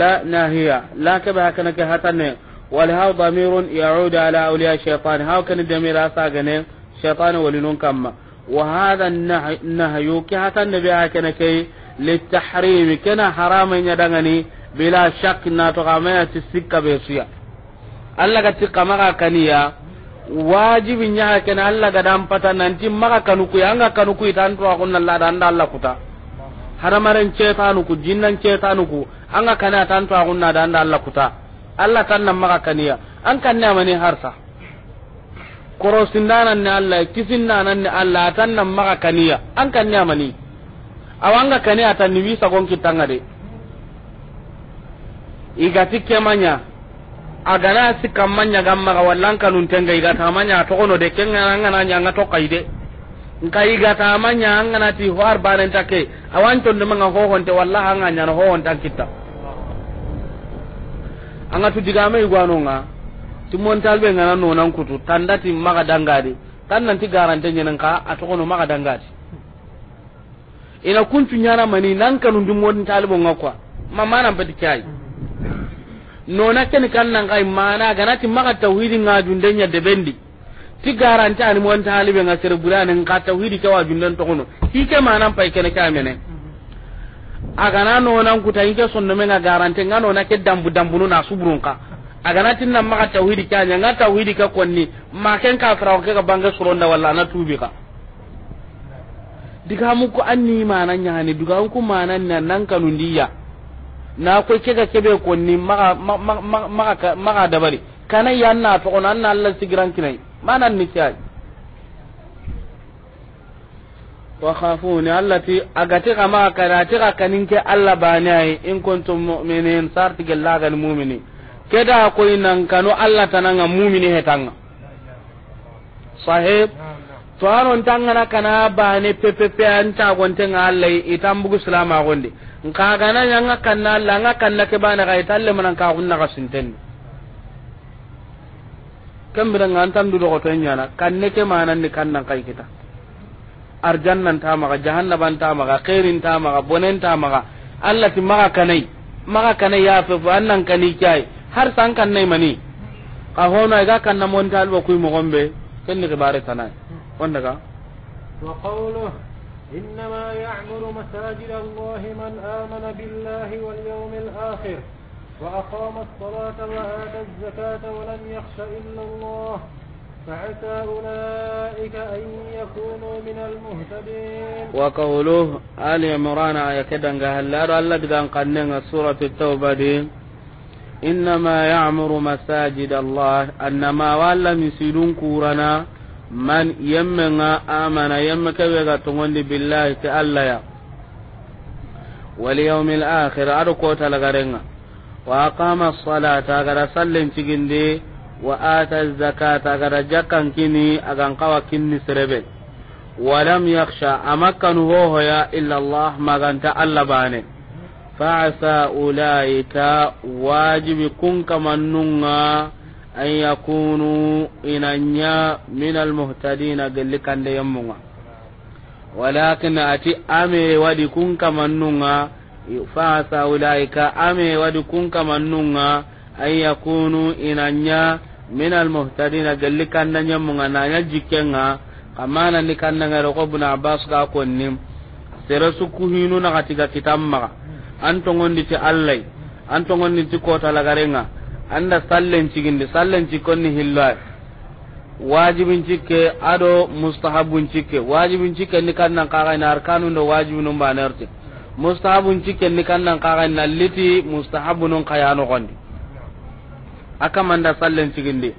S2: la nahiya la ka bi hakanake hatane wal ha damirun yaudu ala awliya shaytan ha kan damira sagane shaytan walinun kamma وهذا النهي كهتا النبي هكذا كي للتحريم كنا حرام يدغني بلا شك ناتغامية السكة بيسيا الله قد تقى مغا كنيا واجب نيها كنا الله قد أمبتا ننتي مغا كنوكي أنغا كنوكي تانتوا أقولنا الله داندا الله كتا hadamaren cetanuku jinnan cetanuku an ga kana tantu a gunna da anda Allah kuta Allah tan nan maka kaniya korosindanan ne Allah kisinnanan ne Allah atan nan maka kaniya an kan ne amani awanga kaniya tan ni wisa gon kitanga de igati kemanya agana sikamanya gamma ga wallan kanun tenga igata manya to kono de kenga ngana nya ngato kaide nka igata manya ngana ti war banen take awanto de manga ho honte wallahi nganya no ho honta kitta anga tu digame igwanonga timmontal ɓe ngana nonan kutu tandati maga dangadi tan nanti garante ñenen ka a n'o maga dangadi ina nyara mani nan kanu dimmonitalibo nga quoi ma manan peti cayi nona ken kan nan kai mana ganati maga tawhidin nga dundenya nya bendi ti garante ani mon talibe nga sere bulane nga tawhidi ke wajunden togono hike manan pay aga nan agana nona kutai ke sonno me nga garante nga nona ke dambu dambu na suburun ka agana tinna maka tawhidi kanya nga tawhidi ka konni maken ka fara ka banga suronda walla na tubi ka diga mu ko anni mana ne diga mu ko mana nan nan kanun diya na ko ke ga kebe konni maka maka maka dabari kana yanna to on anna Allah sigiran kinai mana ni kai wa khafuni allati agati kama karati ka kaninke Allah banai in kuntum mu'minin sartigal lagal mu'minin keda koy nan kanu allah tananga mumini hetanga sahib to tanga tangana kana bane pe an ta gonte ngalle itam bugu salama gonde nka gana nyanga kanna la nga kanna ke bana ga italle man ka gunna ga sinten kambira nga antan du dogo tan nyana kanne ke manan ni kannan kai kita arjannan ta maga jahannaban ta maga khairin ta maga bonen ta maga allah ti maga kanai maga kanai ya fe annan kanai kai har san kan nay mani ka hono ga kan na mon talbo kuy mo gombe ken ni gibare tanai on daga
S1: wa qawlu innama ya'muru masajid allah man amana billahi wal yawmil akhir wa aqama as-salata wa ata az-zakata wa lam yakhsha illa allah فعسى أولئك أن يكونوا من المهتدين
S2: وقوله آل عمران آية كدن قال لا الله قدن قنن سورة التوبة دي إنما يعمر مساجد الله أنما ولا مسيدون كورنا من يمنا آمن يمك بغتون بالله تألا واليوم الآخر أركو تلغرنا وأقام الصلاة أغرى سلم تجندي وآتى الزكاة أغرى جكا كني أغن قوى كني سربي ولم يخشى أمكن هو إلا الله ما غنت ألا بانه فعسى أولئك واجب كن كمنونا أن يكونوا إن أنيا من المهتدين قل لك أن يمونا ولكن أتي أمي ودي كن كمنونا فعسى أولئك أمي ودي كن كمنونا أن يكونوا إن أنيا من المهتدين قل لك أن يمونا نانا جيكينا كمانا لك أن نغير ابن عباس قاكونا سرسكو هينونا غتيغا كتام مغا an tongondi ti allai an tongondi ti kota lagarenga anda sallen cigindi sallen cikonni hillai wajibin cikke ado mustahabun cikke wajibin cikke ni kannan kaga ina arkanu ndo wajibun ba nerti mustahabun cikke ni kannan kaga ina liti mustahabun kayano gondi manda sallen cigindi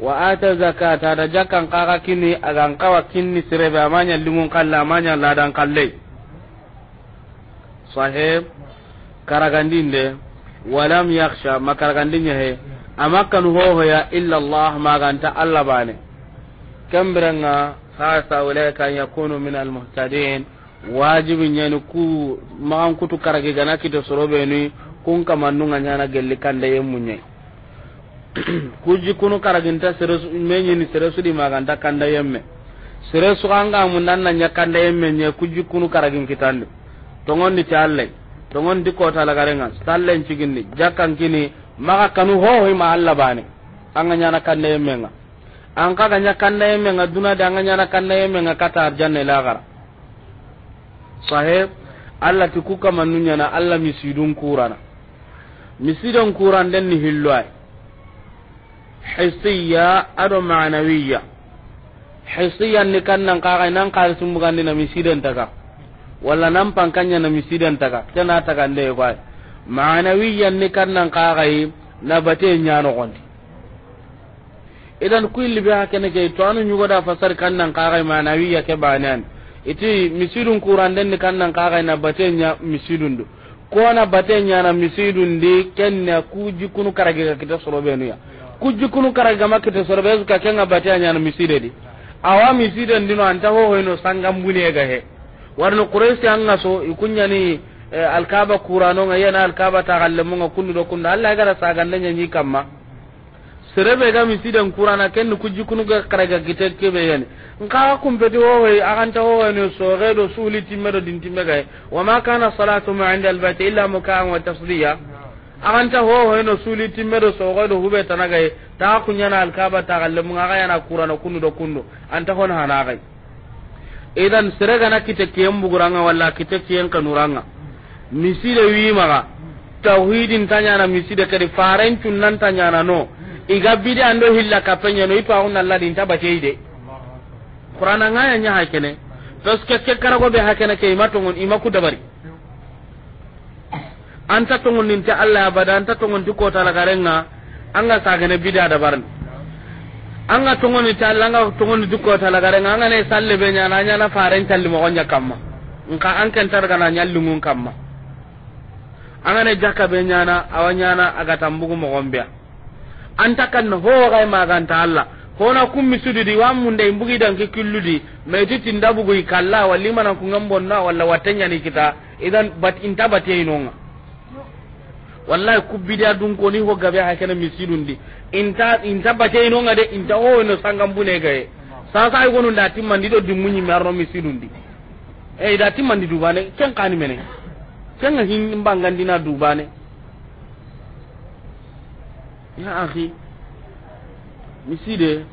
S2: wa ata zakata da jakan kaga kini agan kawa kini sirebe amanya lingun kalla amanya ladan kallai sahib karagandin de walam yakhsha ma ya he amakkan hoho ya illa allah maganta allah bane kambiranga hasa ulaika an yakunu min al muhtadin wajibi nyani ku magan kutu karage gana kite sorobe ni kun kamannunga nyana gelli kande yemunye kuji kunu karaginta seresu menyini seresu di maganta kanda yemme seresu kanga mundan nanya kanda yemme nye kuji kunu karagin kitande tongon tongondi challe tongondi kota la garenga stallen cigindi jakkan kini maka kanu ho ma alla bane anga nyana kanne yemenga an ka ganya kanne yemenga duna da anga nyana kanne yemenga kata arjanna la gara sahib alla ti kuka manunya na alla misidun kurana misidun kuran den ni hilwai hisiya ado ma'anawiya hisiya ni kannan kaga nan kalsum bugandina misiden taga wala nan kanya na misidan taga tana taga nde ko ma'anawiyan ni kannan qagai na bate nyano gondi idan kuilli be hakene ke to anu nyugo da fasar kannan qagai ma'anawiya ke banan iti misidun den ni kannan qagai na bate nya misidun do ko na bate nya na misidun di kenna ku jikunu karage kita sorobe nuya ku jikunu karage soro sorobe ka kenga bate nya na miside di awa misiden dino anta ho hoino sangam bunega he warni quraysi anga so ikunyani eh, alkaba kurano nga yana alkaba ta gallemu nga kunu do kundu allah gara sagande nya nyi kamma serebe ga misiden kurana ken ku jikunu ga karaga gite kebe yani nka kumpeti wowe aganta wowe ne so redo suli timmero din timmega wa ma kana salatu ma inda albayt illa muka'an wa tasdiya aganta hoho eno suli timmedo sogoydo hube tanagay ta kunyana alkaba ta gallemu aga yana kurana kunu do kundu anta hon hanagay idan seregana kite kiyen buguranga wala kite kiyen kanuranga misile wimaga tawhidin tanyana misile kadi faren cunnan tanyana no iga bidi ando hilla kapenya no ipa unna ladi intabate ide qur'ana ngaya nya hakene tos ke ke karago be hakene ke imatongon imaku dabari anta tungun ninta allah abada anta tungun dikota la garenga anga sagane bidi adabarni anga tongoni talla anga ni dukko tala gare nga ne salle be nya na nya na faren talli mo gonya kamma nka an kan tar kana nyallu ngun kamma anga ne jaka be nya na awanya na aga tambugo mo gombia anta no ho ga ma gan ta alla hona kummi sududi wammunde imbugi danke titi ndabu go ikalla walli mana bonna walla ni kita idan bat intabati bateyinonga wallahi ko ni ho gabe ha kene misidundi inta inta bace no ngade inta o no sangam bune gae sasa ay gonu ndati mandi do dimunyi marno misidundi e da timmandi dubane ken kani mene ken ga hin bangandina dubane ya akhi miside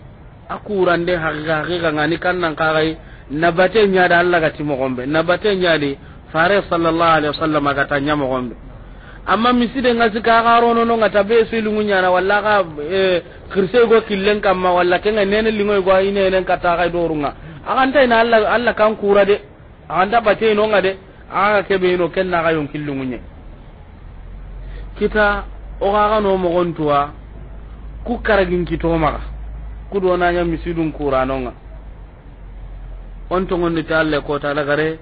S2: akurande hakika hakika ngani kannan kagai nabate nyaada Allah gati mogombe nya nyaadi fare sallallahu alaihi wasallam gata nyamogombe amma miside nga sika garo no nga tabe su lungu nyana walla ga eh, kirse go killen kamma walla kenga nene lingo go ine nen kata ga dorunga aganta ina alla alla kan kura de aganta bate no nga de aga be no ken na ga yon killu nye kita o ga ga no mo gontuwa ku karagin kito maga ku do na nya misidun kura no nga on to ngonni ta alle ko ta la gare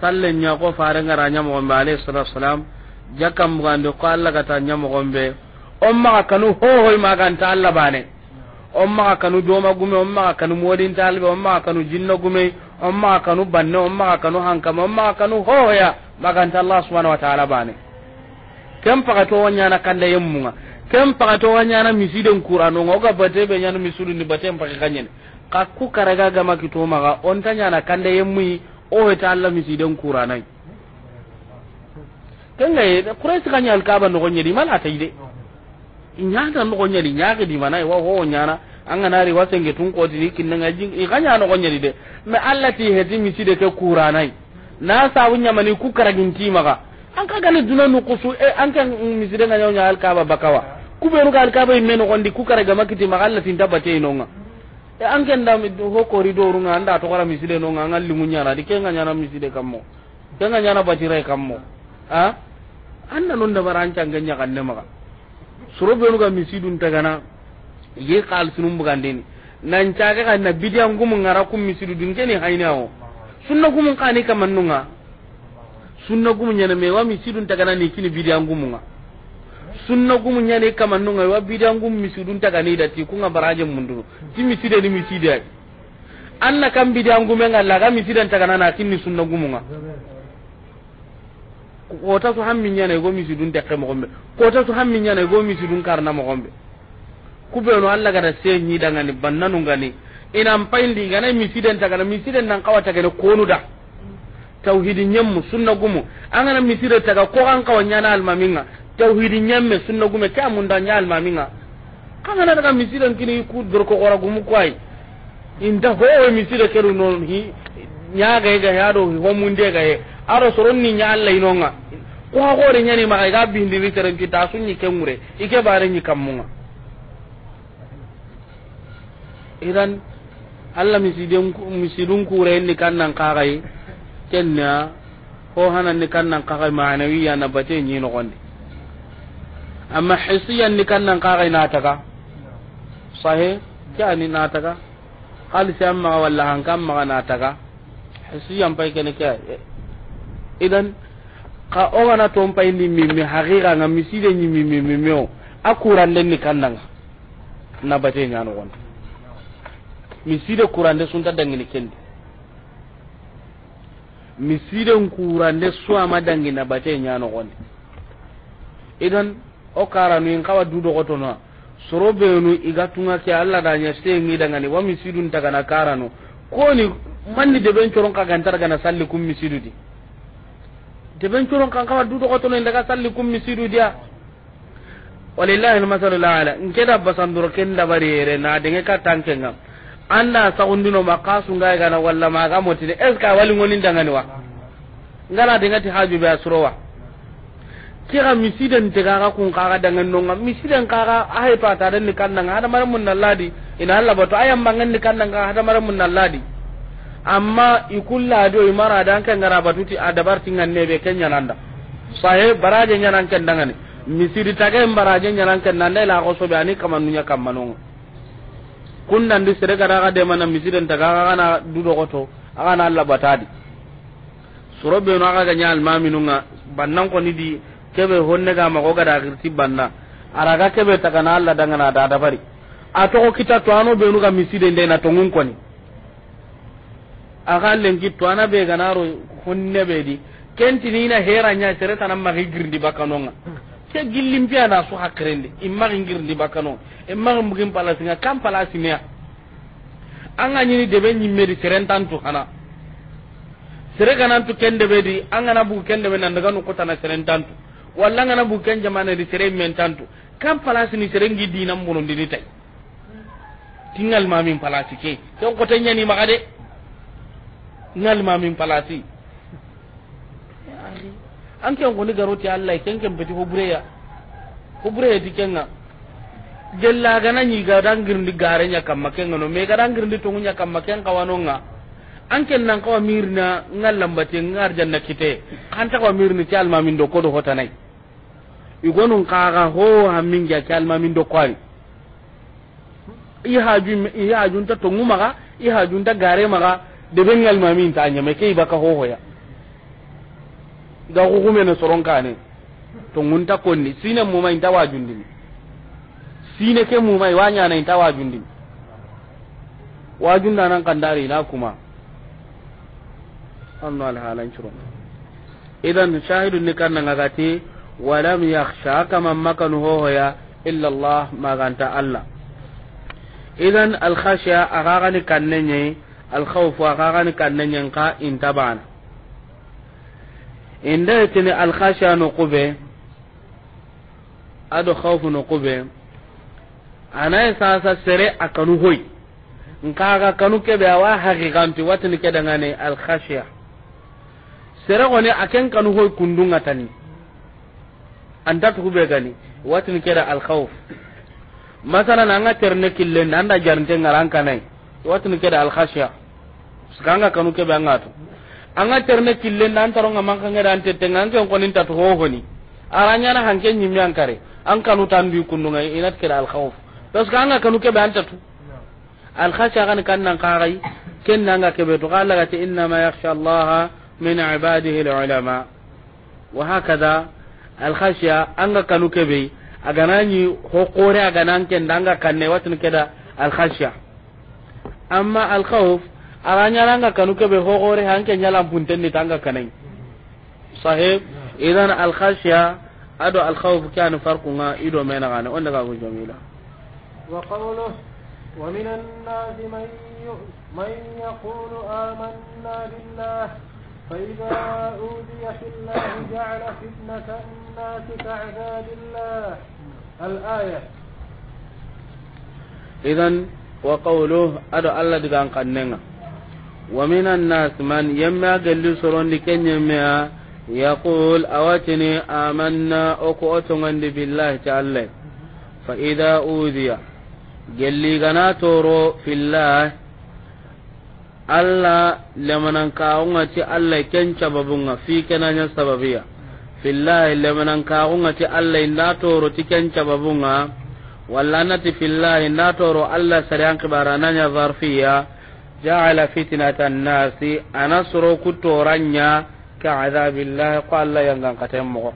S2: sallen nya ko faare ngara nya mo mbale sallallahu alaihi wasallam jakam bugande ko Allah kata nyamo gombe on ma kanu ho ho ma kan ta Allah bane on ma kanu do ma gume on ma kanu modin talbe on ma kanu jinno gume on ma kanu banne on ma kanu hanka on ma kanu ho ho ya ma kan ta Allah subhanahu wa ta'ala bane kem paka to wanya na kan kanda yemmunga kem paka to wanya na misiden qur'ano ngoga bate be nyana misudu ni bate paka kanyen ka ku karaga ga kitoma ga on tanya na kan kanda yemmi o ta Allah misiden qur'anai kenga ye kuresi ka ñal kaba nogo ñedi mala tay de ñata nogo ñedi ñaxidi mana wa ho ñana anganari wa senge tun kotini kinnanga jing i ka ña nogo ñedi de mais allah ti heti misi de ke kuranai na sabu ñamani ku karagintimaxa an ka gane duna kusu e an ke misi de nga ñaw ña alkaba bakawa kuɓenu ka alkaba imme nogondi ku karagama kitima allah tin tabate inonga e an ken da ho kori dorunga anda togora misi de nonga anga limu ñana di kenga ñana misi de kammo kenga ñana batirai kammo a na non da an can ganya kan maga suru be no ga ta gana ye qal sunum deni nan ga kan na bidiyan ngum ngara kum misi dun kene hainawo sunna gumun kani kamannunga sunna gum nyana me wa misi dun ta gana ni kini bidiyan nga sunna gum nyane kamannunga wa bidiyan dun ta tagani da ti nga baraje mundu ti de ni an na kam bidiyan nga la ga ta gana na kini sunna nga. kota su hammi nyana ego misidun tekke mogombe kota su hammi nyana ego misidun karna mogombe kubeno alla gara senyi dangani bannanu ngani ina misi den misiden tagana misiden nan kawata gane konu da tauhidi nyemmu sunna gumu angana misire taga ko an kawa nyana almaminga tauhidi nyemme sunna gumu ta munda nyal almaminga kangana daga misire kini ku dor ko gora gumu kwai inda ho misire keru non hi nya ga do yaɗo higo munde gaye aɗo soronni ña allah inonga kuha gore ñani maxa iga bindiri terenkita su ñikke ŋure ike bare ñi kammunga idan allah misiden misidun kurenni kannan kaxay kenna ho hananni kannan kaxay ya na ni ñi noxondi amma ni kan hisiyanni kannan kaxay nataga sahe ke ani nataga xalisi an maxa walla hankan maxa nataga hasu yampai kene ka idan ka oga na to mpai ni mi mi hakira na miside ni mi mi mi o akuran den ni kandanga na bate nyano won miside kuran de sun ta dangi ni kende miside kuran de su ama dangi na bate nyano won idan o kara ni kawa dudo goto na sorobe nu igatunga ke alla da nyaste ngi dangani wa misidun taga na kara no koni manni deben coron ka gantar gana salli kum misidu di deben coron ka kawa du dogoto no daga salli kum misidu dia walillahi almasalu ala nke basan basanduro ken da bari re na denge ka tanke ngam anda sa undino makasu ngai gana walla ma ga motine es ka wali ngonin dangani wa ngala denga ti haju be asrowa kira misidan te ga kun ka ga dangan no ngam misiden ka ga ahe pata den ni kan nga hada mar mun ladi. ina Allah to ayan bangan ni kannan ka hada maran mun nalladi amma ikulla do imara dan kan gara batuti adabar tingan ne be kenya nanda sahe baraje nyanan kan dangane misiri tage baraje nyanan kan nanda ila ko sobe ani kamanunya kamanon kunnan di sere gara ga de mana misiri taga kana dudo goto aga na Allah batadi sorobe no aga ganya almaminunga bannan ko ni di kebe honne ga mago ga da girti banna araga kebe taga na Allah dangana da dabari a togo kita to ano benu ga miside ndai na tongun koni aga lengi to ana be ganaro honne be di kenti ni na hera nya sere tanan ma higirndi bakanonga ke gillim biya na su hakrende imma higirndi bakano imma mugin palasi nga kam palasi ne anga nyini debe nyimmeri sere tantu hana sere ganan tu kende be di anga na bu kende be nan daga nu kota na sere tantu walla anga na bu kende jamana di sere men tantu kam palasi ni sere ngi dinam bonon di tay tingal mamin palasi ke ton ko tan yani de ngal mamin palasi an ken koni garoti allah ken ken beti hobreya hobreya ti kenga gella gana nyi ga dangir gare garenya kam ken no me ga ndi to nya kamma ken kawanonga an ken nan kawa mirna ngal lambate ngar janna kite an ta kawa mirni ti min do kodo hotanai igonun kaga ho hammin ja calma min do kwani i haju i haju ta tongu maga i haju ta gare maga de ngal mami ta nyame kee baka hoho ya da hoho mena ne soron kane tongun ta konni sine mu mai ta wajundi sine ke mu iwa wanya na ta wajundi wajunda nan kandari na kuma annu alhalan ciro idan shahidun ne kan nan agati walam yakhsha kama makanu ho hoya illa allah maganta allah idan alkhashiya agagani kannenye alkhawfu agagani kannenye nka intabana inda tini alkhashiya no kube ado khawfu no kube anay sasa sere akanu hoy nka ga kanu kebe ke da watini kedangane alkhashiya sere gone aken kanu hoy kundunga tani anda kube gani watini da alkhawfu masalan anga terne na nda jarnte ngaran kanai watun keda al khashya sanga kanu ke bangato anga terne na antaro nga manka ngara ante tenga tengan ke konin tatu ho ni aranya na hanke nyimmi ankare an kanu kunu kununga inat keda al khawf to sanga kanu ke banta tu al khashya kan kan nan qarai ken na nga ke be beto qala gati inna ma yakhsha allah min ibadihi al ulama wa hakada al khashya anga kanu ke be aganani hokore aganan ken danga kanne watun keda al khashya amma al khawf aranya ranga kanu kebe hokore hanke yala punten ni tanga kanai sahib idan al khashya ado al khawf kan farqunga ido mena gane onda ga jamila
S1: wa qawlu wa minan nas man man yaqulu amanna billah فإذا أوذي في الله جعل فتنة الناس كعذاب الله الآية
S2: إذن وقوله أدو الله دقان قننا ومن الناس من يما قل سرون لكن يما يقول أواتني آمنا أكو أتغن بالله تعالى فإذا أوذي gelli gana toro fillah alla lemanan kawunga ti alla ken cababunga fi kenanya sababiya fillahi lemanan kaxungati allah inda toro ti kenca babunga walla nati fillahi nda toro allah sarian kibara nanya zarfiya ja'ala fitnatan nasi ana kutoranya ku toranya ka adabillahi ko allah yangan katen mogo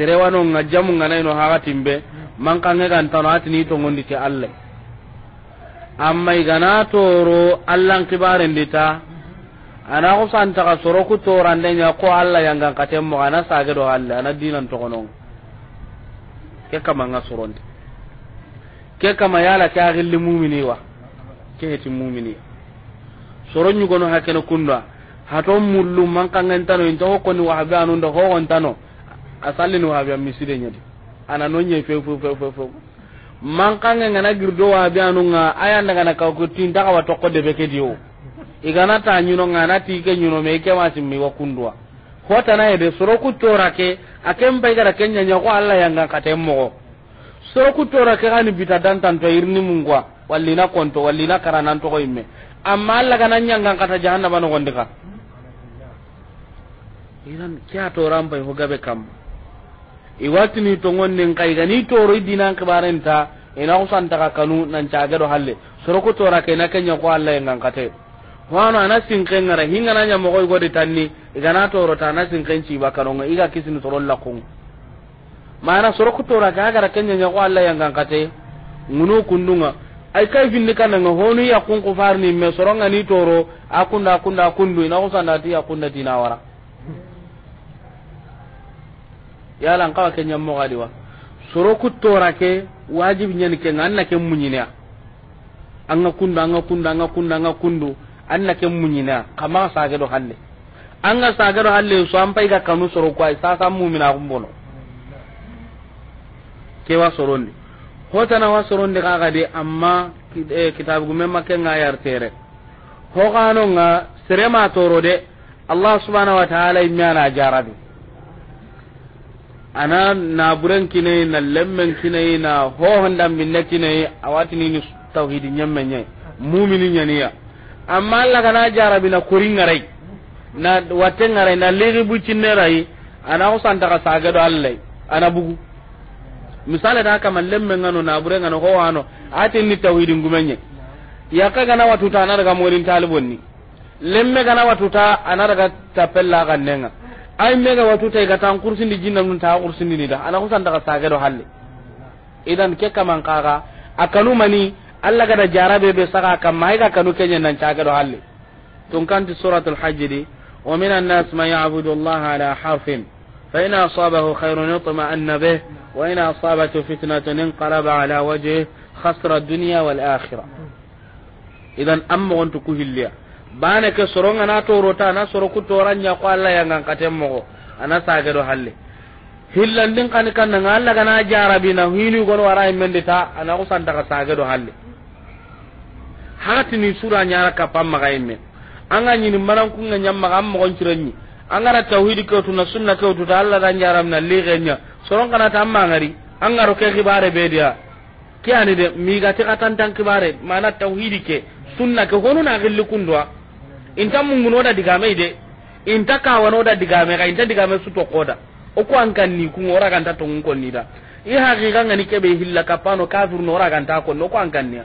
S2: serewano nga jamu nga nayno hakatimbe man kange gantano atini ti allah amma igana toro kibaren dita ana ko san ta soro ku to rande nya ko Allah yang ga katem mo ana sage do Allah ana dinan to kono ke kama nga soronde ke kama yala ta gilli mu'mini wa ke ti mu'mini soro nyu gono hakene kunwa hato mullu man kangen tano in to ko ni wa ga anu ndo ho on tano asalli ni wa ga miside nyadi ana no nye fe fe fe fe man kangen ngana girdo wa ga anu nga aya ndaga na ka ko tin daga wa to ko de be ke diwo igana ta nyuno ngana ti ke nyuno me ke wasimmi wa kundwa hota na ede soro ku tora ke akem bai gara kenya nya ko alla yanga katemmo ko soro ku tora ke gani bita dan tan to irni mungwa wallina konto wallina karanan to ko imme amma alla kana nyanga kata jahannama no gondika idan kya toran ho gabe kam iwatini tongonnen kai gani toro dinan kibarenta ina usanta ka kanu nan caga do halle soro ko tora ke na kenya ko alla yanga katemmo wano ana sinken ngara hinga na nya mogoy godi tanni igana toro ta na sinken ci ba karonga iga kisin toro la kun mana soro ku tora ga gara kenya nya ko Allah yang ngangkate ngunu kundunga ai kai finni kana nga honu ya kun ku farni me soro ngani ni toro akunda akunda kundu ina ko ti akunda ya lan ka kenya mo gadi wa soro ku tora ke wajib nyen ke nganna ke munyinya anga kunda anga kunda anga kunda anga kundu anna ke munyina kama sage do halle anga sage do halle so an bai ga kanu soro kwa sa sa mu'mina bono ke wa soronde na wa soronde ga de amma eh, kitabu ma ke nga tere ho no nga serema toro de allah subhanahu wa ta'ala na jarabi ana naburen kine na lemmen kine na hohon dambinne kine awatini ni tauhidin nyemme nyai mumini amma Allah kana jarabi na ngarai na ngarai na liri bucinnerai ana daga ka do Allah ana bugu misali da kama mallan men ngano na bure ngano ko wano atin ni tawhidin gumenye ya ka gana watuta ana daga morin ni lemme gana ta ana daga tapella kannenga ay mega watuta ga tan kursin di jinna mun ta kursin ni da ana daga ka do halle idan ke kaman kaga akanu mani Allah kada jarabe be saka kan mai ga kanu kenya nan caga do halle tun ti suratul hajj di wa minan nas man ya'budu allah ala harfin fa ina asabahu khairun anna be wa ina asabatu fitnatun inqalaba ala wajhi khasra dunya wal akhirah idan amma gontu ku hilliya bana ke soronga na toro ta na soro ku ranya ko ya ngan ngakatem mo ana saga do halle din kan kan na Allah kana jarabi na hinu gon warai mendita ana ku santaka saga halle hati ni sura nyara kapam magaime anga nyini maran nga nyam magam mo gonchirenyi anga na tauhid ko tuna sunna ko to Allah dan nyaram na ligenya soron kana tamma ngari anga ro ke khibare be dia kiani de mi ga ta tan tan khibare mana tauhid ke sunna ke hono na gilli kundwa inta munguno da digame de inta kawano da digame ga inta digame su to koda o ko an kan ni ku ngora kan ta to ngon ni da i ga ngani be hilla kapano kafir no ra kan ta ko no ko an kan ni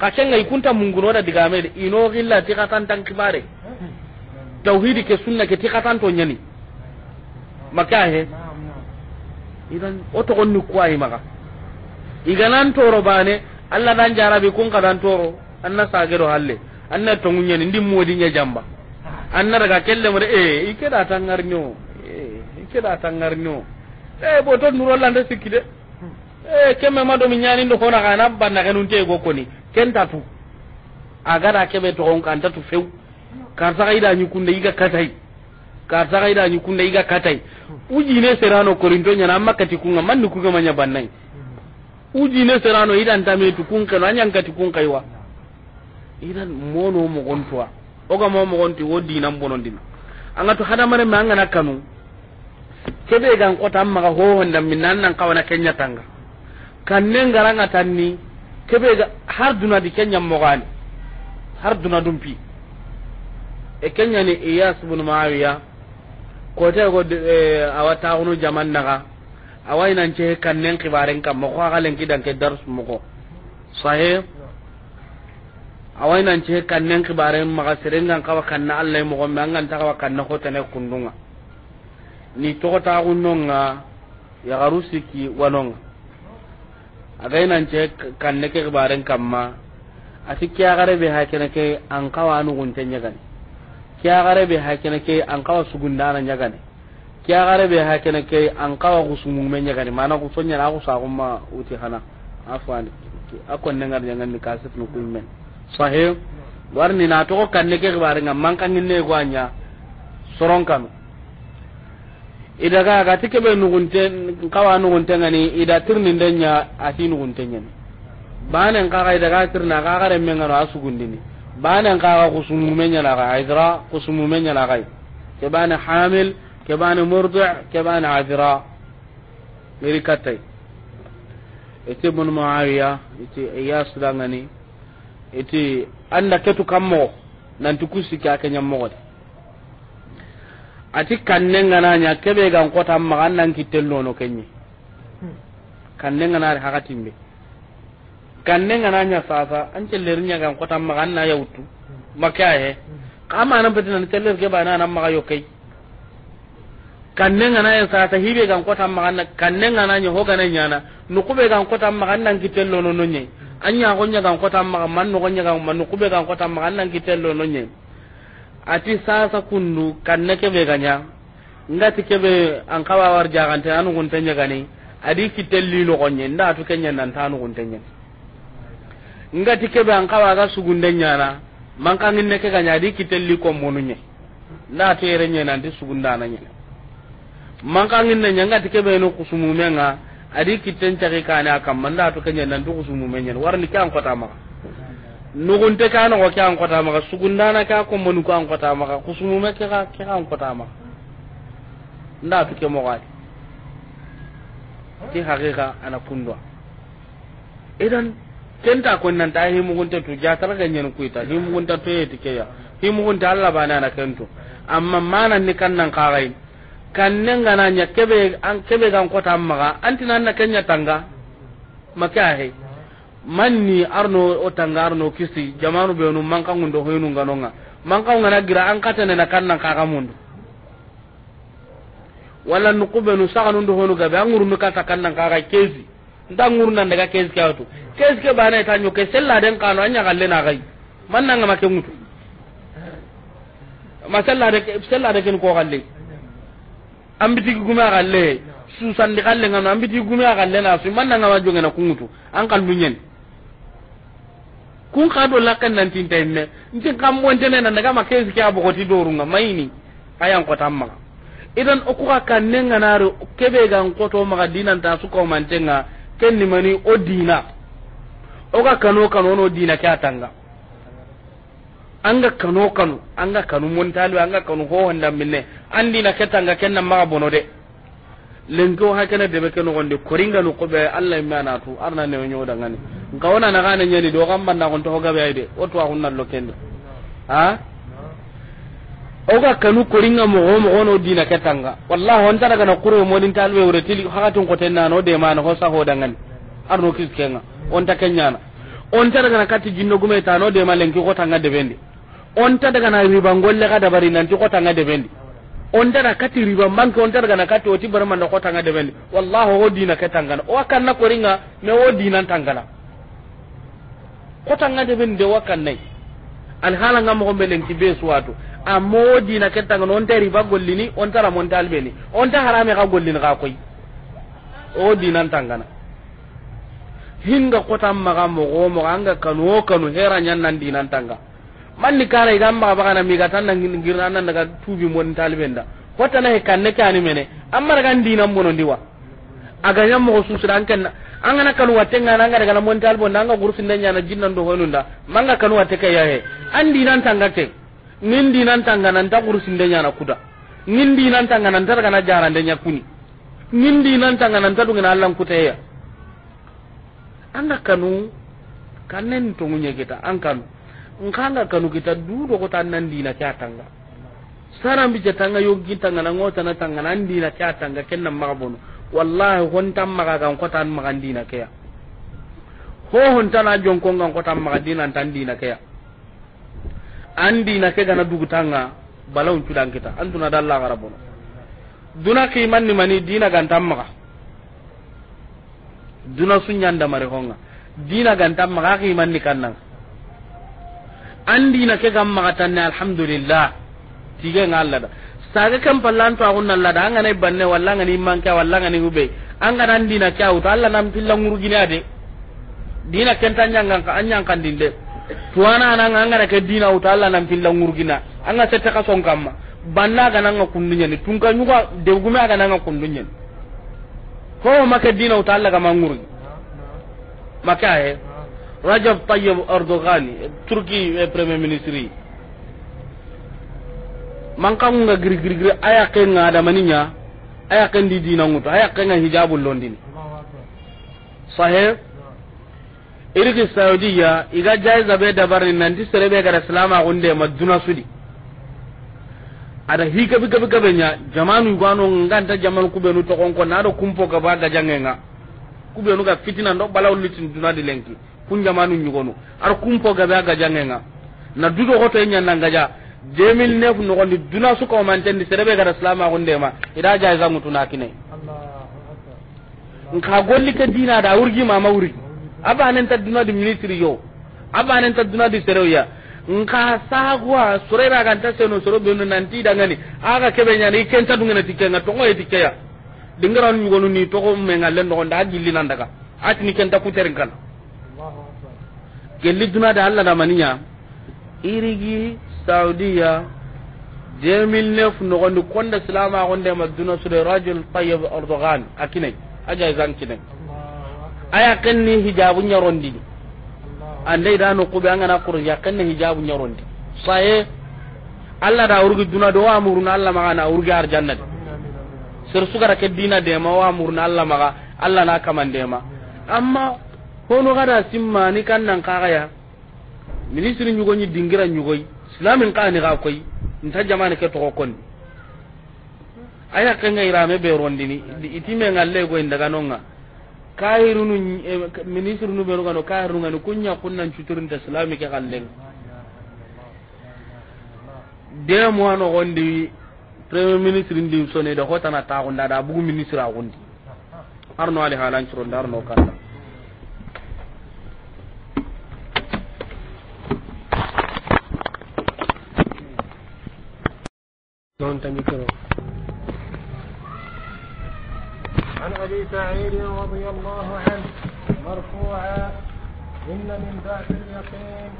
S2: ka kacenga ikunta mungunoda digamede ino gilla ti katantan kibare tauhidi ke sunna ke ti katanto nyani maka he idan o togonni kuwayi maga iganan toro bane allah dan jarabi kun kadan toro anna sagedo halle anna tongunyani ndi modi nya jamba anna daga kelle mure e eh, ike da tangarnyo e ike da tangarnyo e boto nuro lande sikide e kemme mado mi nyani ndo kona kana banna kanun te gokoni kenta tu agara kebe to on kanta tu kar sa gaida ida kunde iga katai sa gaida ida kunde iga katai uji ne serano korinto nya namma kati kunga manni ga manya bannai uji ne serano idan me tu kun kan anyan kati kun kaiwa idan mono mo gontwa oga mo mo gonti wodi nan bonondina anga to hada mare manga na kanu kebe gan kota amma ga ho honda minnan nan kawana kenya tanga kannen garanga tanni kebe har duna di kenya mogani har duna dumpi e kenya ni iyas ibn maawiya ko ta go e, awata gunu jaman naga awai nan ce nen kibaren kam mo ko galen kidan ke dars mo ko sahih awai nan ce kannen kibaren maga serengan kawa kanna allah mo gombe an ta kawa kanna ko tane kundunga ni to ta gunnonga ya garusiki wanonga agai nan ce kan ne ke gbaran a ati kiya gare be na ke an kawa anu gunte gane kiya gare be hakene ke an kawa sugundana gane kiya gare be na ke an kawa gusumu men gane mana ku sonya na ku sa kuma uti hana afwan akon ne ngar nyangani kasif no kuimen sahih warni na to kan ne ke gbaran man kan ne gwanya soron kanu ida ga ga be nugunte kawa nugunte ngani ida tirnin denya ati nugunte nyani banen ka ga ida ga tirna ga ga remme asu gundini banen ka ga kusumu menya la ga aidra kusumu menya la ga ke bana hamil ke bana murdu ke bana adra miri katai ite mun muawiya ite iyas dangani ite anda ketu kammo nan tukusi ka kenya mo ati kannenga na nya kebe gan kota amma annan kitello no kenyi hmm. kannenga na har hakatimbe kannenga na nya sasa an cellernya gan kota amma anna yautu hmm. makaye he hmm. kama nan betina celler ke bana nan maka yokai kannenga na sasa hibe gan kota amma anna kannenga na nya hoga nan nyana nu kube gan kota amma annan kitello no no anya gonya gan kota amma man no gonya gan man nu kube gan kota amma annan kitello no nyi ati sasa kundu na kebe ganya ti kebe an kawa war jagante anu gunte nyagani adi kitelli no gonye nda na kenya nan tanu gunte nga ti kebe an kawa ga sugunde na man kan ne ke ganya adi kitelli ko monunye nda to yere nyana ndi sugunda na nyana man kan ne nga ti kebe no kusumu menga adi kitten chaki kana kam man nda to kenya nan du kusumu menya warni kan kota ma nugunte ka nogo ke an kota maga sugundana ka kommonu ko an kota maga kusumume ke ka ke an kota maga nda to ke mo ga ti haqiqa ana kundwa idan kenta ko nan ta hi mugunta tu ja e ga nyen ita hi mugunta to yeti ke ya hi mugunta Allah bana na kento amma mana ni kan nan kagai kan nan gana nya kebe an kebe an kota maga antina na kenya tanga maka he manni arno o tanga arno kisi jamanu be no man kangun do hoynu nganonga man kangun na gira an katene na kannan ka ga mundu wala nu kube nu saka nu do honu gabe anguru nu kata kannan ka ga kezi nda nguru nan daga kezi ka to kezi ke bana ta nyoke sella den kano anya galle na gai man nan ma ke mutu masalla de sella de ken ko galle ambiti guma galle susandi galle ngano ambiti guma galle na su man nan ma jongena kungutu an kalmunyen kun ka do la kan nan tin tenne ntin kam mon tene nan daga ma kesi kya bo goti doru nga maini ayan ko tamma idan o ku ka kanne nganaro kebe gan ko to ma dinan ta su ko man tenga ken ni mani o dina o ka kano kano no dina kya tanga anga kano kano anga kanu talu anga kanu ho handa minne na ketanga kenna ma bono de lenko hakana debe ke nogondi koringa nu kobe allah imme anatu arna ne ñodangani nka wona nagane nyani do gamba na gon to be ayde o to hunna lo kende ha ga kanu koringa o mogo ono dina ketanga wallahi on tara na kuro din talbe wure tili hakatun ko tenna no de man ho saho dangani arno kenga on ta kenyana on daga na kati jinno gume ta no de malenki ko tanga de bendi on ta daga na ribangolle ga dabari nan ko tanga de bendi ondana kati riba banke on targana kati oti na ko tanga debendi wallahu ho dina ke tangana o kori koringa me ho dinan tangana ko tanga debendi de wakan nai hala nga mogo belen ti be suwatu amma o dina ke tangana on ta riba gollini on tara monta albeni on ta harame ka gollini ka koy o dinan tangana hinga kotan maga go mo anga kanu o kanu hera nyanna dinan tanga man ni kara idan ma ba kana mi ga tan nan girna nan daga tubi mon da hota na kan ne kani mene amma daga dinan mon ndiwa aga nyam mo susu dan kan an kana kan wate ngana ngara daga mon talbo nanga gurfin nan yana jinnan do honunda manga kan wate kay yahe an nan tangate min dinan tangana nta gurfin nan yana kuda min dinan tangana nta daga na jaran dan kuni min dinan tangana nta dungana allan kuteya anda kanu kanen to munye kita an kanu nkanga kanu kita dudo ko tan nan dina catanga sarambi catanga yogi tangana ngota na tanga nan dina catanga kenna magabono wallahi hon tam kan ko tan magandina kaya ho hon tan a ko ngan ko tan magandina tan dina kaya andi na kega na dugu tanga balaun cudan kita antuna dalla garabono duna ki ni mani dina gantam maga. duna sunyanda mare honga dina gantam maga ki ni kanang. na ke gam ne alhamdulillah tige ngalla da saga kan pallanto to hunna Allah da an banne walla ngani ka walla ngani hube an ga nan dina kya uta alla nan pilla gina de dina kenta nyanga ka anyang kan dinde tuana nan an ga ke dina uta alla nan pilla gina an ga setta ka son kamma banna ga nan kundunya ni tunka nyuga de gume ga nan kundunya ko maka dina uta alla ga mangurgi maka eh rajab Tayyip erdogan turki eh, premier ministre man kan nga giri giri giri aya ken nga da maninya aya ken di dina ngutu aya ken nga hijabul londini sahih iriki ya, iga zabe be dabarni nanti serebe gara selama gunde maduna sudi ada hika bika bika benya jamanu igwano nganta jamanu kubenu tokonko nado kumpo kabaga ga jangenga kubenu nuka fitina ndok balaw litin duna di lenki kun jamanu ñugonu ar kumpo gabe a gajangenga na dudo xoto e ñannangaja 2009 nogondi duna sukaomantendi serebe gara silamaxundema ida jaisangutuna kine nka golli ke dina da wurgi mama wurgi abanen ta duna di ministre yo abanen ta duna di serewya nka sagwa surera kan ta seno soro benu nanti dangani aga kebe nyani iken ta dungene tikenga to ngoy tikeya dingara nyu gonu ni to ko menga len no nda gilli nan daga atini ken ta kuterin kan gelli duna da Allah da maniya irigi saudiya 2009 nogondi konda silama gonde ma duna sure rajul tayyib erdogan akine aja zan kine aya kenni hijabu nyarondi andai da no kubi angana ya kenni hijabu nyarondi saye Allah da urgi duna do wa muruna Allah maga na urgi arjanna sir sugara ke dina de ma wa muruna Allah maga Allah na kamande ma amma hono gada simma ni kan nan kaga ya ministri nyugo ni dingira nyugo islamin qani ga koy nta jamana ke to kon aya kan ga irame be ni itime ngalle go indaga nonga kairunu eh, ministri nu be no kairu ngani kunya kunnan cuturin da islami ke kallen de mo ano gondi premier ministre ndi sone da hotana ta gonda da bugu ministre a gondi arno ali halan curon darno kala
S1: وانت ميكرو عن ابي سعيد رضي الله عنه مرفوعا ان من بعث اليقين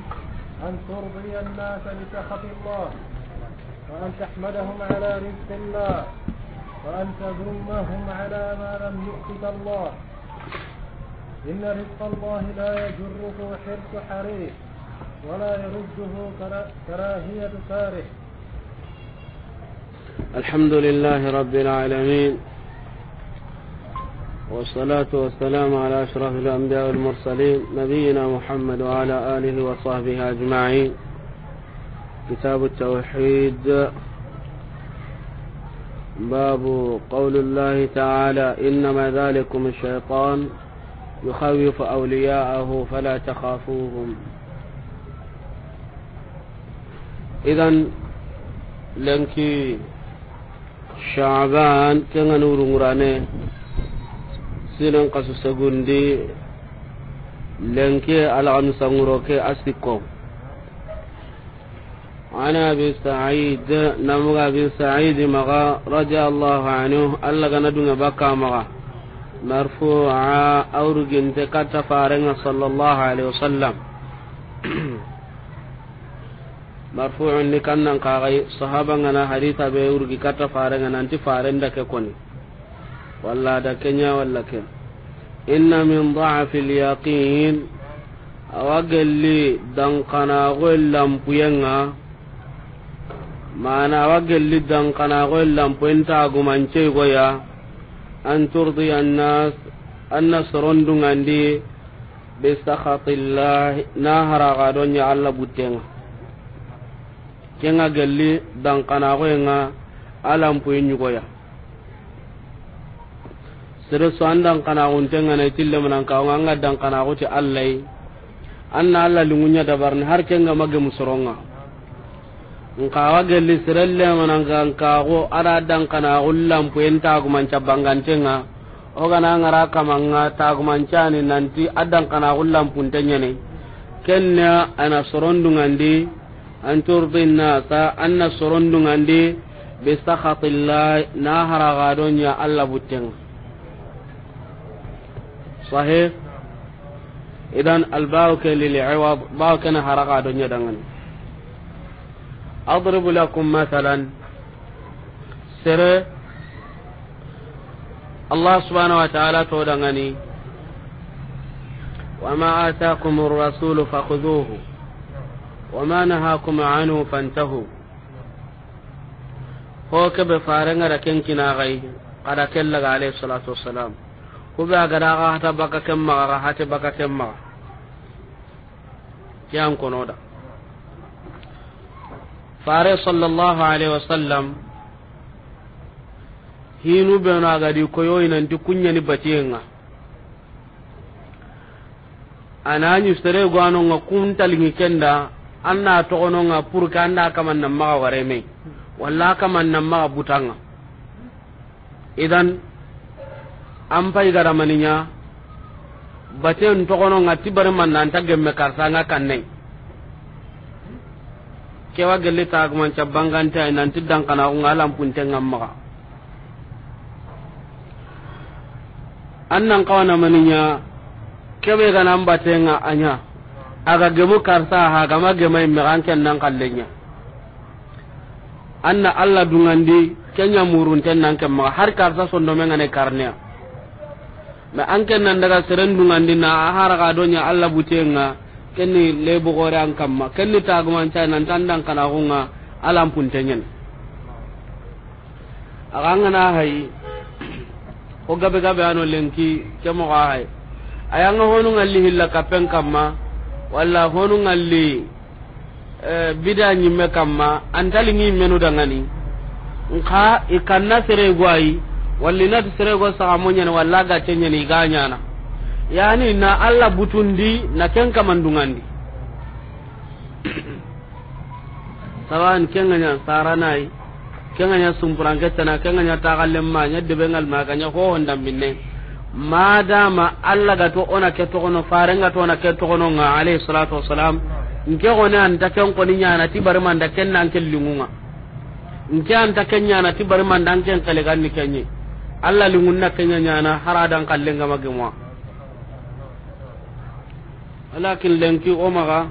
S1: ان ترضي الناس بسخط الله وان تحمدهم على رزق الله وان تذمهم على ما لم يؤتك الله ان رزق الله لا يجره حرص حريص ولا يرده كراهيه كاره
S2: الحمد لله رب العالمين والصلاة والسلام على أشرف الأنبياء والمرسلين نبينا محمد وعلى آله وصحبه أجمعين كتاب التوحيد باب قول الله تعالى إنما ذلكم الشيطان يخوف أولياءه فلا تخافوهم إذا لنكي شعبان shaban kengani urungurane sinen kasu segundi lenke alaganu sanguroke asikko عن ابي سعيد نمغ ابي سعيد مغا رضي الله عنه الله غندون بكا مغا مرفوع اورجنت كتفارن صلى الله عليه وسلم marfu'un ni kannan kagai sahaba ngana haditha be urgi kata fare ngana anti fare ndake koni walla da kenya walla ken inna min dha'fi al-yaqin awagelli dankana gol lampuyenga mana awagelli dankana gol lampuyenta gumance goya an turdi annas anna sorondungandi bi sakhatillah na haraga donya alla buttenga kenga gelli dankanaxoyenga alampuyi ya sere so an dan kana ko ti allai an alla allah dabar ni har kenga magemu soronga wa gelli sere lemananka nkaxo ko dankanaxu lampuyen tagumanca bangantenga ogana ngara kamanga tagumancani nanti a tenya lampunteñene kenna ana di. an turdi nasa anna sorondungandi be sakhatillah na ya allah buttenga sahih idan albawu ke lil'iwad bawu na haragadonya dangani adrib lakum mathalan sere allah subhanahu wa ta'ala to dangani وما آتاكم الرسول فخذوه وما نهاكم عنه فانتهوا هو كبه فارنغ ركن كنا غي قد كلغ عليه الصلاة والسلام هو بأغرا غاتا بكا كما غاتا بكا كما كيام كنودا فاري صلى الله عليه وسلم hinu beno agadi koyoyi nanti kunyani batiyenga ananyu sere gwanonga kuntalingi kenda anna togononga pour que anda kaman nan maga me walla kaman nan maga butanga idan an pay garamaninya baten togononga tibar man nan tagemme karsanga ke wa gelle kana cabbangante ngalam pun dankanaxunga alampuntengan maga an maninya kebe ga nan batenga anya. aga gemu karsa ha gama gemai me kan ken nan kallenya anna alla dungandi kenya murun ten nan kam ma har karsa sondo men ngane karne ma an ken nan daga seren dungandi na har ga donya alla butenga kenni lebo gore an ma kenni taguman cai nan tandang kana hunga alam tenyen aga ngana hay ko gabe gabe ano lenki kemo hay ayanga honu ngalli hilla kapen ma wala honu ngalli e, bida nyimme kamma antali ni menu dangani nka ikanna sere gwai walli na sere go sa amonya ni walla ga tenya ni ganyana na yani na alla butundi na kenka mandungandi sawan nya saranai nya sumpuran ketana kenganya tagallemma nya debengal maganya ho hondam madama allah ga to ona ke togono farenga to ona ke togono nga alayhi salatu wassalam nke gone anta ken koni nyana ti bari manda ken nan ke lingunga nke anta ken nyana ti bari manda ken kale ganni kenye allah lingunna kenya nyana haradan kallenga magemwa walakin lenki o maga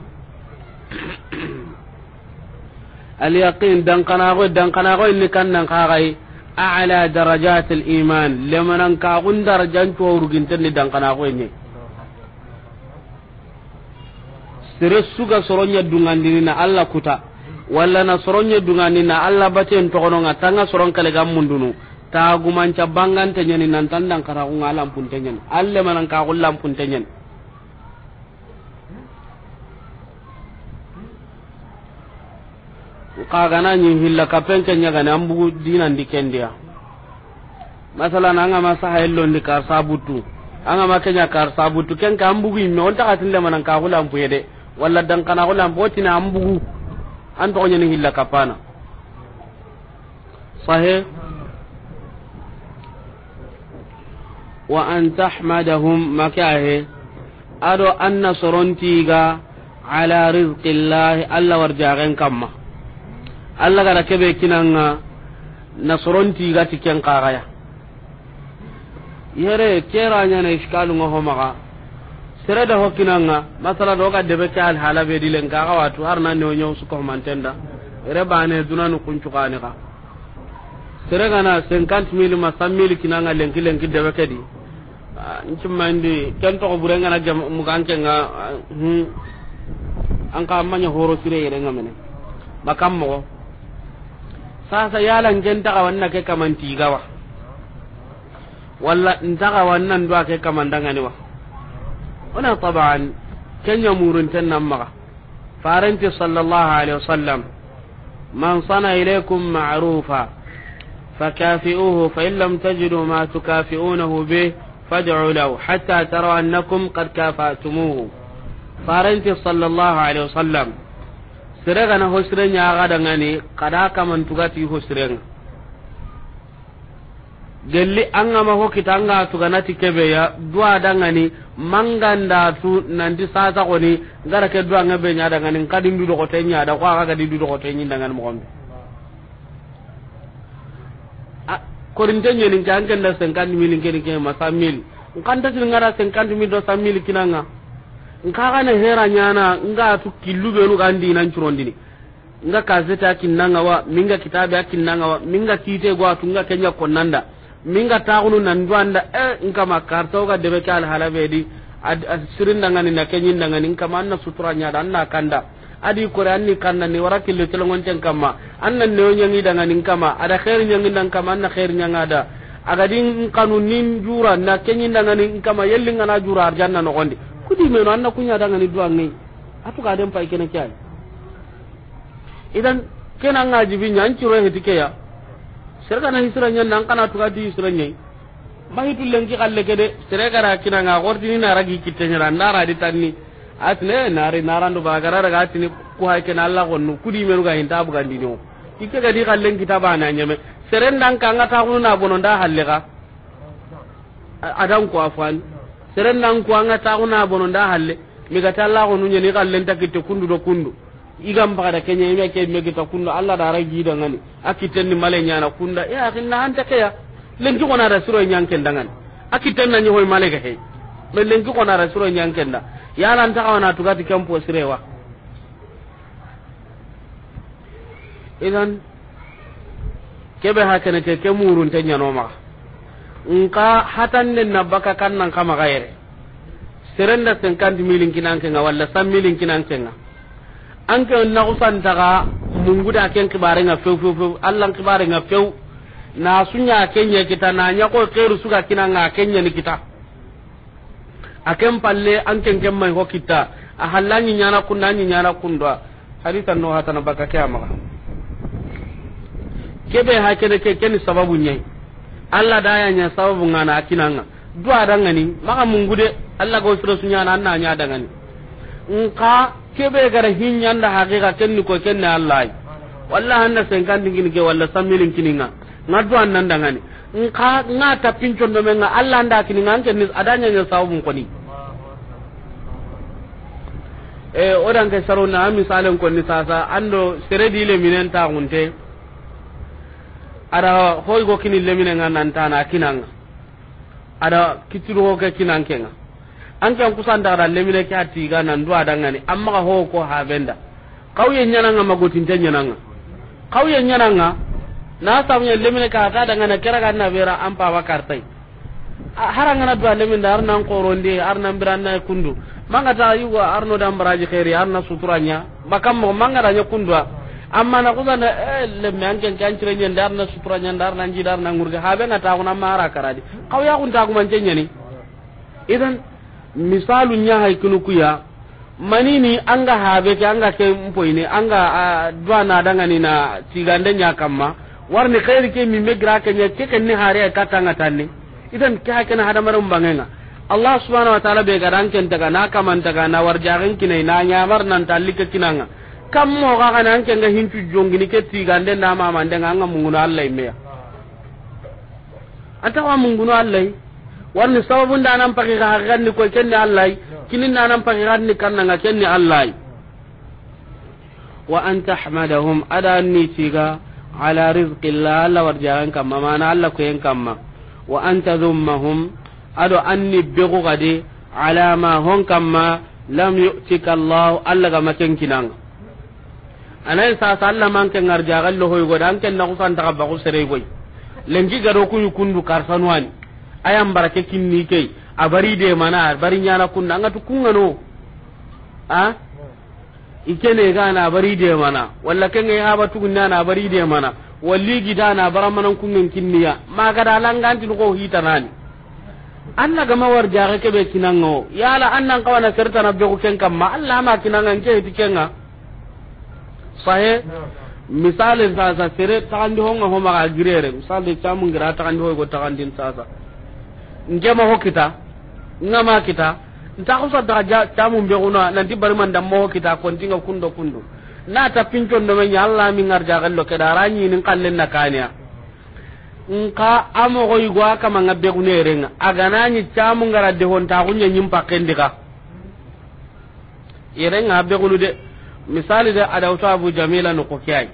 S2: al yaqin dan kana go dan kana go ni kan nan gai a'la darajat al-iman lemanan ka gun darajan to urgin tan dan kana ko suga soronya na Allah kuta walla na soronya dungani na Allah baten to kono nga soron kale gam mundunu ta gumanca bangan tanyen nan tan dan ngalam pun ka pun kagana nyi hilla kapen kenya gana ambu dina ndike ndia masala nanga masa haylo ndi kar sabutu anga makenya kar sabutu ken ka ambu imme onta katinde manan ka hula ambu yede walla dan kana hula ambu tina ambu an to nyi hilla kapana sahe wa an tahmadahum makahe ado anna soronti ga ala rizqillah alla warjagen kamma allah gara kebe kinanga ah, nasoronti gati ken kagaya yere iskalu iskalunga homaga sere da hokkinanga ah, masala do ga debe ka alhala be dilen ga watu har nan nyo nyaw suko mantenda re bane dunanu kuncukani ka ne ka sere gana 50 mil ma 100 mil kinanga ah, lenki lenki debe ka di kedi ncimandi ken to toxo burengana jam mu mugan kenga hmm. an ka amanya horo sire yere nga mene makam mo sasa yalan genta ga wannan ke kamanti gawa walla ntaga wannan do ake kamandanga ni wa ona taban kenya murun tan nan maka faranti sallallahu alaihi wasallam man sana ilaykum ma'rufa فكافئوه فإن لم تجدوا ما تكافئونه به فادعوا له حتى تروا أنكم قد كافأتموه فارنت صلى الله عليه وسلم sere gana hosire ñaga dangani kada kamantugati hosirenga gelli angama ho kita anga kebe ya dua dangani mangandatu nanti sasa koni ngara ke dua ngabe nya dangani kadi du ko tenya da ko aga di ndu ko tenyi ngani mo gombe a korinte nyen njangen da 50 mil ngene ke masamil ta tin ngara 50 mil do 100 mil kinanga nka gane hera nyana nga tu killu benu kan dinan curondini nga kaseta kinnanga wa minga kitabe akinnanga wa minga kite gwa nga kenya konanda minga taxunu nanduanda e eh, nkama kartawga deɓe ke alhalaɓedi a sirindangani na keñindangani nkama an na sutura ñaɗa an na kanda adi kore an ni kanda ni wara kille telongonten kamma an na neo ñangidangani nkama ada xeeri ñangindan kama an na xeeri ñangada agadi kanu nin jura na keñindangani nkama yellingana jura arjanna noxondi kudi meno anna kunya da ni duwa ngai atu ka dem pai kene kyai idan kena ngaji bi nyan ciro heti ke ya serga na hisra nyan nan kana tuka di hisra nyai ma tu lengi kalle kede serga ra kina nga gordi ni na ragi kitte nyara na ra tanni atne nari ba gara ra gatini ku hay kena alla gonnu kudi meno ga hinta bu gandi no ikke ga di kallen kitaba na nyame seren dan nga ta kunu na bonon da halle ga adan ko afan seren nan ku anga bono bononda halle ko nunye ni kallen ta kitte kundu do kundu igam da kenya mi ke mi ga kunda alla da ragi da ngani akiten ni male nyana kunda ya akin na hanta kaya lengi kona da suro nyanke ndangan akiten na hoy male ke he me lengi kona da suro ken da ya lan ta kawana tugati kampo sirewa idan kebe hakana ke kemurun tanya no ma nka ne na baka kan nan kama da sen kan milin kinan ga walla san milin kinan ga an ke na usan daga munguda ken kibare nga few few few allan kibare nga few na sunya kenya kita na nya ko keru suka kinan nga kenya ni kita akem palle an ken ken mai ho kita a halani nyana kun nanyi nyana kun do hadita no hatana baka kiyama kebe hakene ke ken sababu nyai alla daya nya sababu ngana akinanga du adanga ni maka mungu de alla go siro sunya na anna nya adanga ni nka kebe gara nda hakika kenni ko kenni allah wallahi anda kan dingin ke walla samilin kininga ngadu annan danga ngani nka nga ta pincho do menga alla nda kininga anke ni adanya nya sababu ko ni e eh, odan ke saruna na ko ni sasa ando sere dile minen ta gunte ada hoy go kini lemine nga nantana kinanga ada kitiru ho ke kinankenga anke an kusan daga lemine ke ati ga nan duwa ngani amma ka ho ko ha benda kauye nyananga magotin nyana nyananga kauye nga na samunya lemine ka ta ngana kera ga na vera an pa wa kartai harangana duwa lemine da ar nan biran na kundu manga ta yugo arno dan baraji khairi arna suturanya makam mo manga da kundu amma na kuma na eh, lemme an anke kan cire nyen dar na sutura nyen dar na ji dar na ngurga habe na ta kuma mara karadi kaw ya kun ta kuma cenya ni idan misalu nya hay kunu kuya manini anga habe ke anga ke mpoine anga dwa na danga ni na tigande nya kama warni khairi ke mi megra ke nya ke ken ni hare ka tanga tanni idan ke ha ken hada marum bangenga allah subhanahu wa ta'ala be garan ken daga na kama daga na warjarin kinai na war nan talike kinanga kam mo ga ga an kenga hintu ni ke tigande na mama nga mungu na allah me anta wa na allah ni sababu nda nan pagi ga ni ko kenni allah kini da nan pagi ni kanna ga kenni allah wa an tahmadahum ada ni tiga ala rizqillah allah warjaran ma mana allah ko yen ma wa an tazummahum ado anni begu gade ala ma hon ma lam yu'tika allah allah ga maken anay sa salla man ken arja gallo hoy go dan ken nako san daga bagu sere goy lengi garo ku yukundu karsanwani ayam barake kinni kei abari de mana bari nyana kunna ngatu kungano a ikene ga na bari de mana walla ken ngai haba tugunna na bari de mana walli gida na kun kungen kinniya maga da langanti ko hitanani anna gama war jare kebe kinango yala annan kawana serta na bego ken ma Allah ma kinanga nke hiti kenga sahe misale sasa sere tagandi honga homa ga girere misale camu ngira tagandi hoy ko tagandi sasa ngema ho kita ngama kita nta ko sa daga camu be guna nanti bari man dam mo kita kontinga kundo kundo na ta pincon do men yalla mi ngarja gallo ke daranyi nin kallen na kaniya nka amo go yugo aka manga be gunerenga aga nanyi camu ngara de hon ta gunya nyim pakendika irenga be gunu de misali da ada uto abu jamila no kokiyai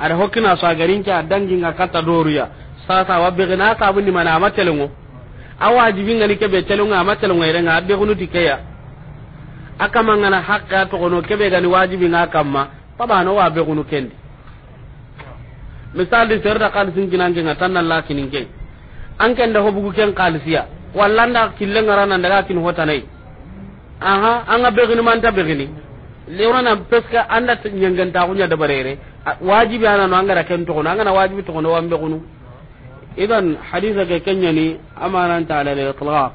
S2: ada hokina so agarin dangi ga kata doruya sasa wa gina ka bu ni mana amatelengo awajibi ngani ke be telunga ire irenga be kunu dikeya aka mangana hakka to kono kebe gani wajibi nga kamma paba no wa be kunu kendi misali serda kalsin kinange ngatanna lakinin ke an da hobugu ken kalisiya wallanda kille ngarana daga kin hotanai aha anga begini manta gini lewrana peska anda nyanganta kunya da barere wajibi ana no angara ken to no angana wajibi to no wambe kunu idan hadisa ke kenya ni amanan ta ala al-itlaq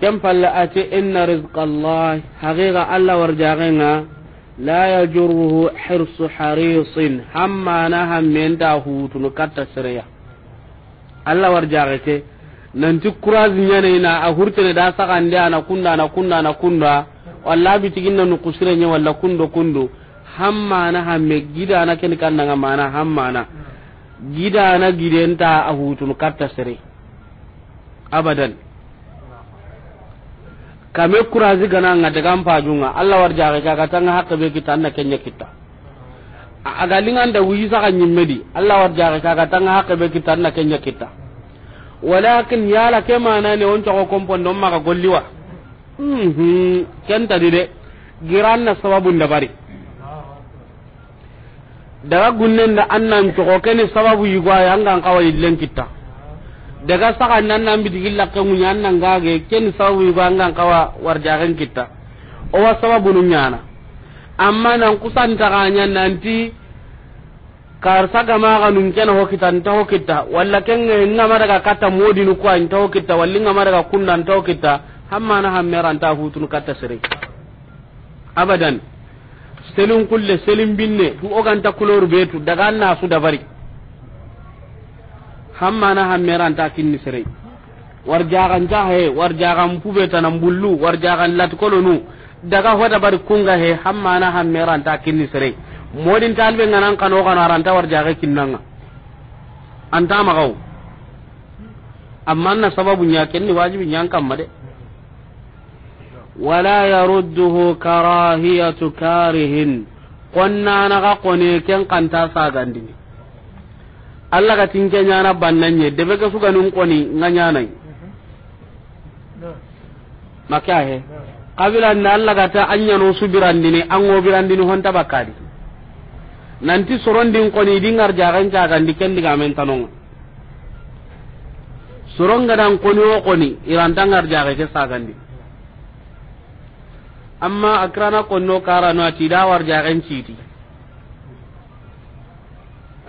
S2: kam falla ati inna rizq allah haqiqa allah warjaqina la yajuruhu hirsu harisin hamma na hammen hutu no katta sirya allah warjaqete nan kurazi nyane na a hurtene da sakande ana kunna na kunna, na kunna walla bitiginna nu kusirenye walla kundo kundo hammana hamme gidana ken nanga mana hammana gidana gidenta a hutun katta sere abadan kame kurazi gana nga daga mpajunga allah warjaxe tanga hakka be kita anna kenya kita aga wuyi saka ñimmedi allah warjaxe tanga hakka be kita anna kenya kita walakin yala ke manane on ko kompon on maga golliwa mhm kenta dide na sababun nda bari daga gunnen da annan ko kene sababu yi yanga an kawai len kitta daga saka nan nan bidigilla mun nyan nan gage ken sababu yanga an kawa war warjagen kitta o wa sababu nun yana amma nan kusan ganya nanti kar saga ma ga nun ken hokita nta hokita walla ken ngama daga kata modi nu ko an ta hokita walli ngama daga kunna nta hokita hamme ranta hutunu katta sere abadan selin kulle selin binne ku oganta kulor betu daga bari hamma dabari hamme ranta kinni sere jagan jahe war warjagan pubetanan bullu lat kolonu daga hoda bari kunga he hamme ranta kinni sere modin talbe nganan kano kano war jage kinnanga anta magaw amma na sababu nya kenni wajibi nyan made de ولا يرده كراهية كاره قلنا نغا قني كن قنتا ساغاندي الله غتين كن يانا بانني دبك سوغانون قني ما مكاه قبل ان الله غتا أنيا نوسو برانديني أنغو برانديني نانتي تبكاري nanti دي koni dingar جاغاندي كن diken diga تانون soronga dan koni wo koni irantangar jaga ke sagandi amma akrana konno no ati da war jagen citi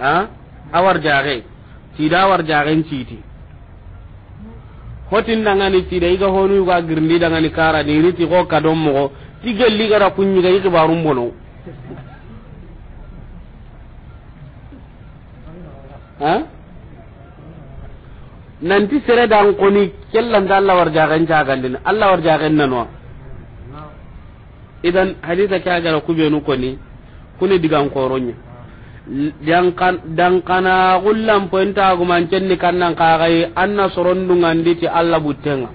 S2: ha awar jage ti da war jagen citi hotin dangani ti da iga honu ga girndi dangani kara ni riti ko kadon mo ti gelli gara kunni ga ikibarum bono ha nanti sere dan koni kellan da Allah warjagen jagandin Allah warjagen nanwa idan hadisa ke agara kubenu koni kuni digan koronya kana gullan pointa gumancen ni kannan kagai anna soron dungan diti alla butenga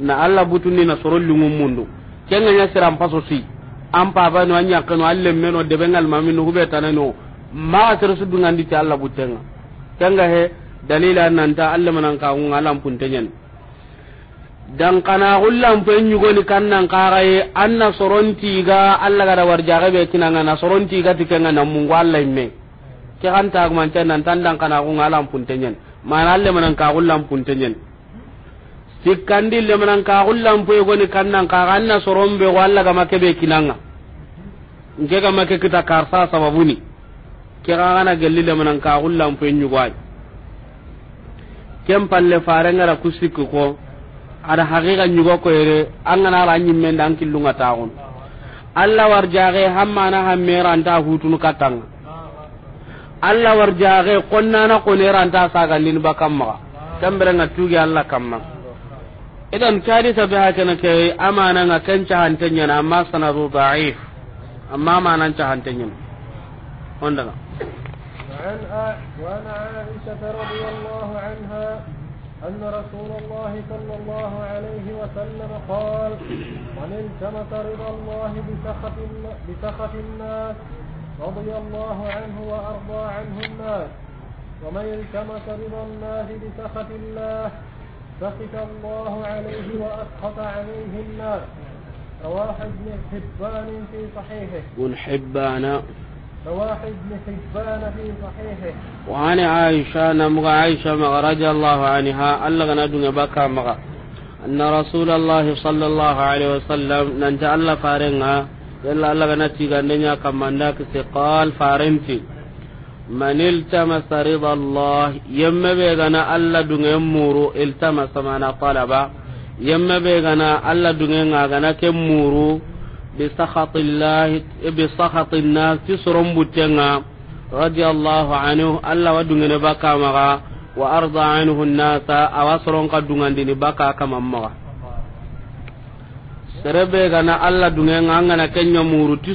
S2: na alla butunni na soron lungun mundu kenga nya siram paso si an ba no anya kano alle meno de bengal mami no hube tanano ma tersu dungan diti alla butenga kenga he dalila nan ta alla manan ka ngalam alam puntenyen dankanaaxullanpen ñugoni kannan kaxaye an na ga allah gada warjaxe be kinanga na ga ti na namungu allah imme ke man taagumante nantan dankanaaxunga alanpunte ñen mana an lemanankaxullanpunte ñen sikkandi lemanankaxullanpoegoni kannan ka an na soronɓego allah make be kinanga nge ga ke kita karsa sababuni ke xaxana gelli lemanankaxullanpoe ñugoay ken palle farengara ku sikki ko ada haqiqa nyugo ko yere an ngana ra nyimmen dan killunga taun alla warjaage hamma na hammera anta hutunu katanga alla warjaage qonna na qonera anta saga lin bakamma tambere nga tugi Allah kamma idan kadi haka na kai amana na kanca hantanya na amma sanadu da'if amma nan ta hantanya wanda wa
S1: ana aisha الله anha أن رسول الله صلى الله عليه وسلم قال من التمس رضا الله بسخط, بسخط الناس رضي الله عنه وأرضى عنه الناس ومن التمس رضا الناس بسخط الله سخط الله عليه وأسخط عليه الناس رواه ابن حبان في صحيحه ابن
S2: حبان
S1: رواح ابن حبان في صحيحه
S2: وعن عائشة نمغ عائشة مغ رضي الله عنها ألغنا دون بكى مغ أن رسول الله صلى الله عليه وسلم ننجا الله فارنها يلا ألغنا تيغانيا كما ناك قال فارنتي من التمس رضا الله يم بيغنا ألا دون يمورو التمس معنى طلبا يم بيغنا ألا دون يغنا كمورو بسخط الله بسخط الناس تسرم بتنا رضي الله عنه ألا ودن بكى مغا وأرضى عنه الناس أوسر قد دن كما مغا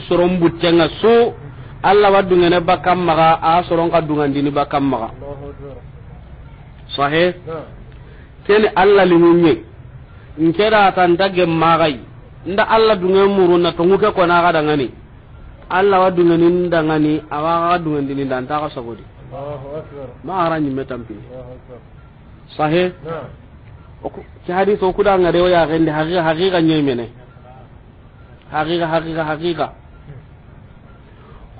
S2: soron buttenga so alla wadunge ne bakam maga a soron ka dungan dini bakam maga sahe ken nda alla dunga murunna to nguke ko na ga dangani alla wa dunga nin dangani awa ga dunga nin dan ta ka sagodi ma aranyi metampi sahe ki hadith o kudanga de o ya gende haqiqa haqiqa nyemene haqiqa haqiqa haqiqa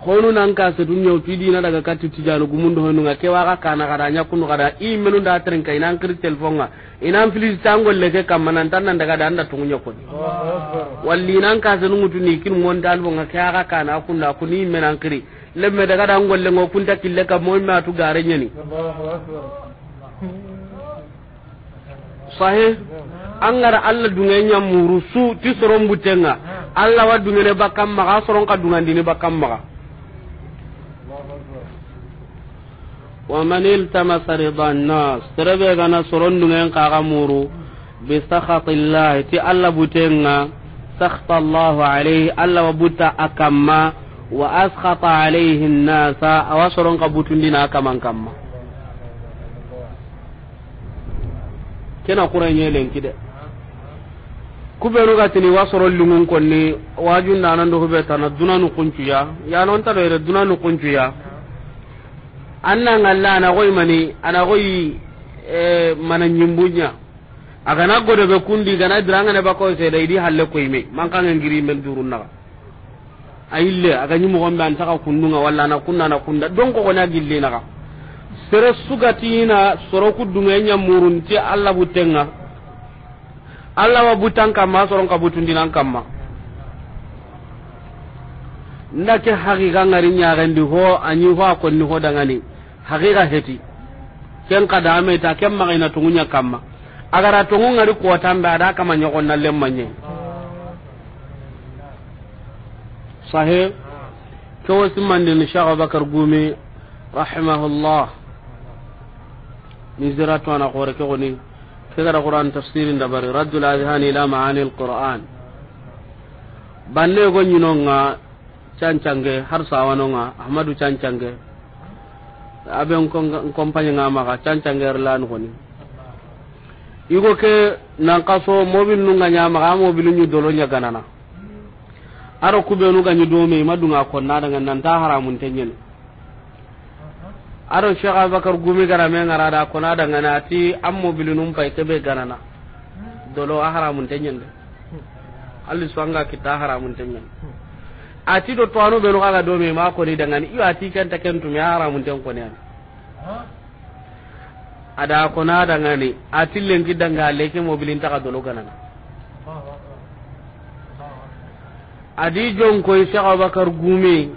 S2: honu nan ka se dunyo tudi na daga kati tijanu gumundo honu nga kewa ka kana kada nya kunu kada i menu da tren kai nan kri telefon nga inan filis le leke kam nan tan nan daga danda tunyo ko walli nan ka se nungu tuni kin mon dal bonga kewa ka kana kunna kuni menan kri lemme daga dan golle ngo kunta kille ka mo ma tu gare nyeni sahe angara alla dungenya muru su ti soron alla wa dungene bakam maga soron ka dungandini bakam ma ومن التمس رضا الناس تربي غنا سرون نين قاغمورو بسخط الله تي الله بوتينغا سخط الله عليه الله وبوتا أكما وأسخط عليه الناس أو سرون قبوتون دينا كمان كما كنا قرأي نيلين كده kuɓenugatini wa soro lungun konni wajundanando huɓetana duna nukuncuya yanontaɗoyre duna nukuncuya anna ngalla na goy mani ana goy eh, mana nyimbunya aga na godo be kundi gana diranga ne bako se dai di halle koy me man kan ngiri men durun na ayille aga nyimu gombe an taka kunnunga walla na kunna na kunda don ko na gilli na ka sere sugatina soro kudunga nya murunti alla butenga alla wa butanka ma soron ka butundi nan kamma nda ke haqiqa ngari ñaxendi ho añi ho a konni ho dangani haqiqa heti ken ta ken maxina tunguña kamma agara tungu ngari kotambe ada kama ñogonna lemmañe sahe kewo simmandini cheikh aboubacar gumi rahimahullah ni ziratu ana kore ke goni ke gara qur'an tafsirin da bari raddul adhan ila ma'ani alquran banne go nyinonga cancange har sawanonga ahmadu cancange abe compagne nga maga cancange erlan koni igo ke nan kaso mobil nunga nyama ga mobil nyu dolo nya ganana aro kube nu ganyu do me madunga konna daga nan ta haramun tenyen aro sheikh bakar gumi gara me ngara da kona daga na ti am mobil num pai kebe ganana dolo haramun tenyen de alli swanga kita haramun tenyen ati do anu be no kaga do me ma ko ni dangan iyo ati kan ta kan tumi haramun tan ko ne ada ko na ni ati lengi danga leke mobilin ta ka do kana adi jonko Sheikh Abubakar Gume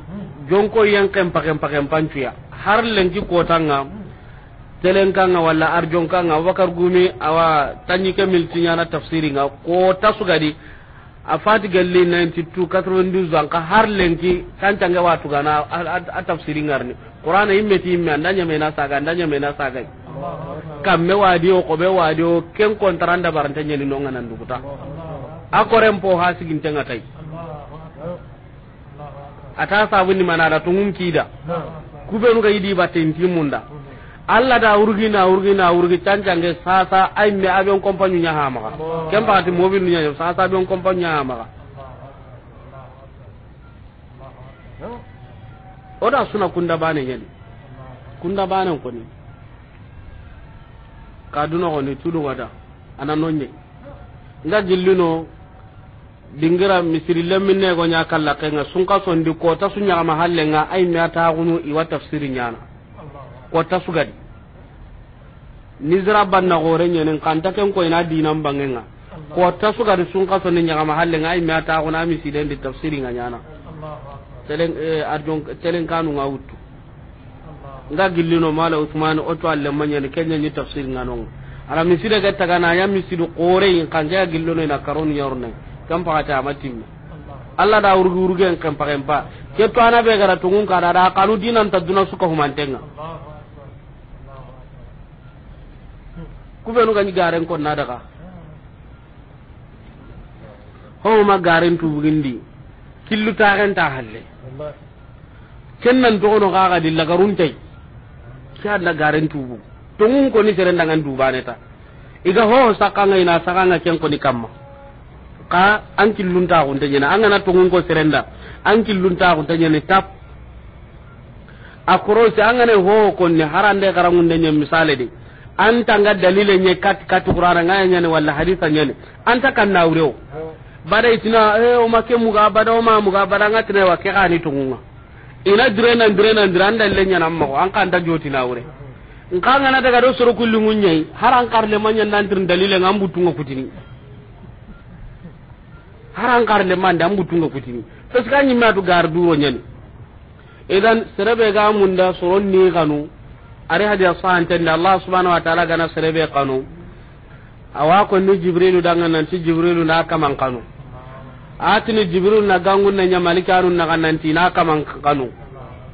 S2: jonko yang pa kan kempan cuya har lengi kota nga telen kanga wala arjon kanga Abubakar gumi awa tanyi ke miltinya na tafsiri nga kota gadi a fati galli 92 92 an ka har lenki kan tanga watu gana a tafsiri ngarni qur'ana imme ti imme andanya me na saga andanya me na saga me wadi o ko be wadi o ken kontranda barante nyeni no ngana ndukuta a korem po ha sigin tenga tay ata sabu ni manada tungum kida kubenu ga yidi batin timunda alla da urgi na urgi na urgi cancange sasa ay me abion kompanyu nya ha maka kem ti mobil nya sasa abion kompanyu nya ha maka oda suna kunda bane yen kunda bane ko ni kaduna ko ni tudu wada ana nonye nga jilluno dingira misiri lemmin ne go nya kala kenga sunka sondi ko ta sunya mahalle nga ay me ta gunu iwa tafsiri nyana kota sugadi nizra banna gore nyenen kanta ken ko ina dinan bangenga kota sugadi sun kaso ni nyaga mahalle ngai mi ta ko mi siden di tafsiri nga na telen eh, arjon telen kanu nga wuttu nga gillino mala usman o to alle ne kenya ni tafsir nga non ala mi sida gatta kana ya mi sidu gore in kanja gillino ina karon yorne kam pa ta matim Allah da urgi urgi en kam pa kam pa ke to ana be gara tungun kada da kanu dinan ta duna suka humantenga Allah kubenu gani garen kon nadaga homa garen tubugindi killu taxenta halle kennan togono xaxa dilla garuntay ke alla garen ni tongun koni serendangan dubaneta iga hoho sakkanga ina sakanga ken ni kamma ka an killuntaxunte an kana tongun ko serenda an ta killuntaxunte ñene tap a korosi angane hoho konni harande xarangunde ñe misale de anta nga dalile nye kat kat qur'ana nga nyane wala hadisa nyane anta kan nawrew bada itina e o make ga bada o ma ga bada nga wa ke ani tungunga ina direna direna diranda le nyana mo an kan da joti nawre nka nga na daga do suru kullu munye haran karle manyan nan tirin dalile nga mbutunga kutini haran karle man da mbutunga kutini to ska nyima ma gardu nyane idan serabe ga munda suron ni ganu ari hadiya sahantende allah subhanahu wa taala gana serebe kanu awa konni jibrilu danga nanti jibrilu na kaman kanu atini jibrilu na gangunna nya malikanu naga nanti na kaman kanu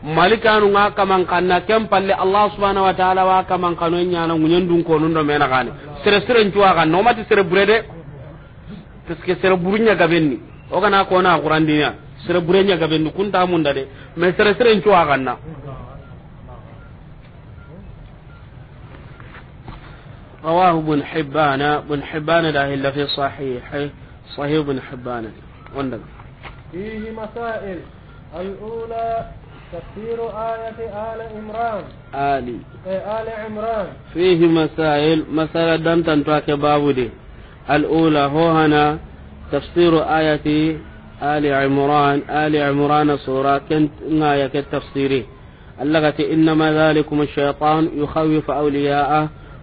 S2: malikanu nga kaman kanna kem palle allah subhanahu wa ta'ala wa kaman kanu nya na munyen dun ko nundo mena kane sere sere ntuwa kan no mati sere burede paske sere burunya gabenni o kana ko na qur'an dinya sere burenya gabenni kun ta mun da de me sere sere ntuwa kan na رواه بن حبان بن حبان لا إلا في صحيح صحيح بن حبان وندم
S1: فيه مسائل الأولى تفسير آية آل عمران آل إيه، آل عمران
S2: فيه مسائل مسألة دم تنتاك بابودي الأولى هو هنا تفسير آية آل عمران آل عمران سورة كنت آية التفسيري اللغة إنما ذلكم الشيطان يخوف أولياءه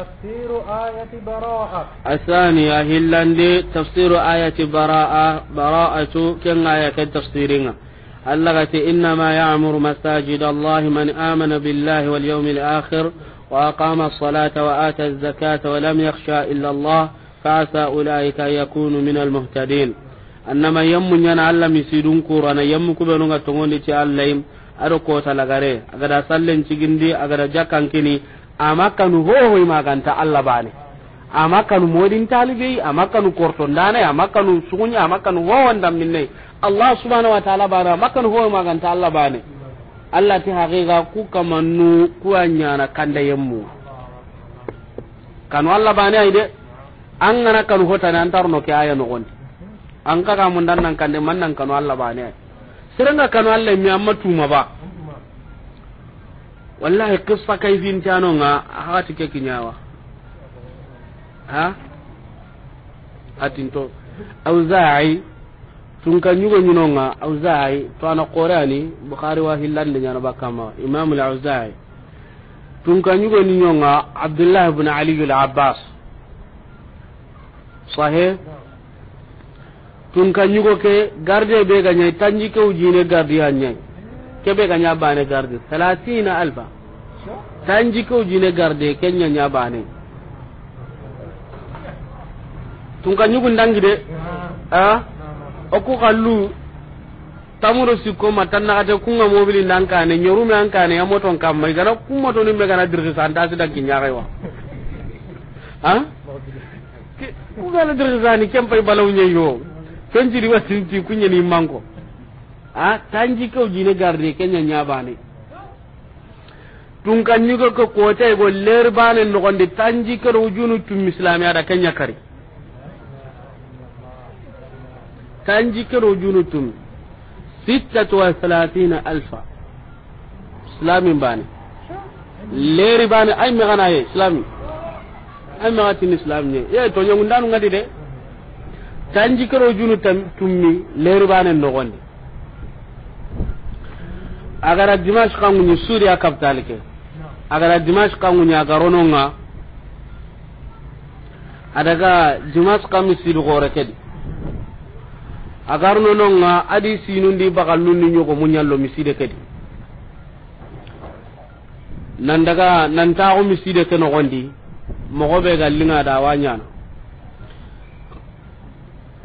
S1: تفسير آية براءة
S2: الثانية هلاندي تفسير آية براءة براءة كن آية تفسيرنا اللغة إنما يعمر مساجد الله من آمن بالله واليوم الآخر وأقام الصلاة وآتى الزكاة ولم يخشى إلا الله فعسى أولئك أن يكونوا من المهتدين أنما yammu nyana alla يسيرون kurana yammu kubenu ga tongondi ti allaim ado kota lagare agada sallen cigindi agada ama kanu hohoy maganta allah bane ama kanu modin talibei ama kanu kortondane ama kanu sugunya ama kanu minne allah subhanahu wa taala bane ama kanu hohoy maganta allah bane allah ti haqiqa ku kamannu anya na kanda yemmu kanu allah bane ayde an gana kanu hotane an tarno ke aya nogondi an kaka mun dan nan kande man nan kanu allah bane sirenga kanu allah mi amma tuma ba wallahi qissa fin tano nga hakati ke kinyawa ha atinto auza'i tun kan yugo nyino nga auza'i to ana qurani bukhari wa hillande nyana bakama imam al-auza'i tun kan yugo nyino nga abdullah ibn ali al-abbas sahih tun kan yugo ke garde be ganyai tanji ke ujine gardiya nyai kebe ga nyabane garde talatina alba tanji ko jine garde kenya nyabane tun ka ñugun de a ah? oku kallu tamuro sikko ma tan kun kunga mobili ne nyoru ñorume an kane ya moton kam mai gara kun motoni me gana dirti santa si danki ñaxay wa a ah? ku gana dirti sani kem pay balaw nyeyo mm. kenji ciri wa sinti ku ñeni manko a tanji ke jine garde ke nyanya bane tun kan nyugo ko kota go ler bane no gonde tanji ke rujunu tum islamiya da kenya kari tanji ke rujunu tum sittatu alfa islamin bane ler bane ay me gana ye islami ay me gatin islam ne ye to nyangu ndanu ngadi de tanji ke rujunu tum tummi leri bane no gonde agara dimash kanguñi a capital ke agara dimash kanguñi nga adaga dimash kami sidi gore kedi nga adi sinundi bagallundi ñogo muñallo miside kedi nan daga nan taxu miside ke nogondi mogo ɓe gallinga dawa ñana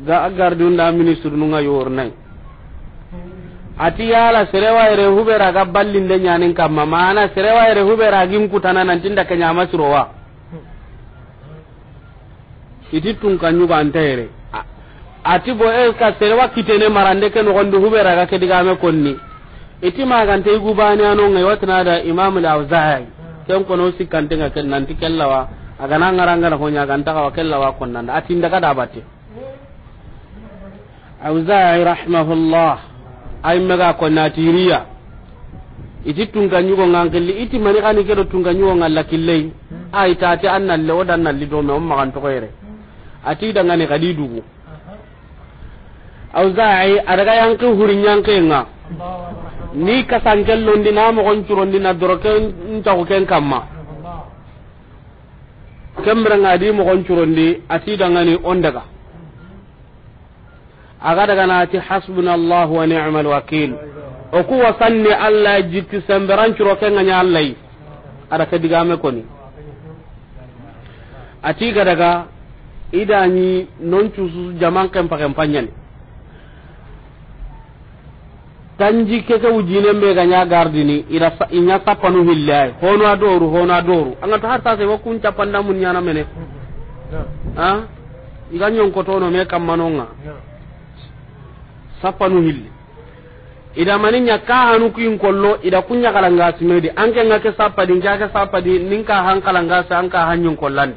S2: ga a gardiunda ministre nunga yoor nayi ati yala serewa ere hubera ga ballin de nyanin kamma mana serewa ere hubera gin kutana nan tinda kenya masirowa iti tun kanyu ga antere ati bo e ka serewa kitene marande ke no gondo hubera ga kediga me konni iti ma magante gubani ano ngai watna da imam al-awza'i ken kono sikante ga ken nan tikellawa aga nan ngaranga ko nya ga ntaka wa kellawa konnan ati ndaga da batte awza'i rahimahullah ay mega ko natiriya iti tunga nyugo ngangilli iti mani kani kedo tunga nyugo ngalla killei hmm. ay taati annal le odan nalli do me umma kan to kere hmm. ati daga ne kadi dugu awzai adaga yanke hurin yanke nga ni kasangel londi na mo gon curondi na doroke nta ko ken kamma kembra ngadi mo gon curondi ati dangane ne ondaga aga daga naati hasbuna allah wa ni'mal wakil o ku wasanni allah jikki semberanchuro kenga nya allah ada ke digame koni ati ga daga idani non cusu jaman kan pakan panyan tanji ke ke ujine be ga nya gardini ira inya sapanu hillai hono adoru hono adoru anga ta harta se wakun capanda mun nyana mene ha iganyon tono me kamanonga yeah. sapanu hilli ida mani nya ka hanu kuin kollo ida kunya kalanga simedi anke ngake sappadi ngake sappadi ninka han kalanga sa ka hanyun kollan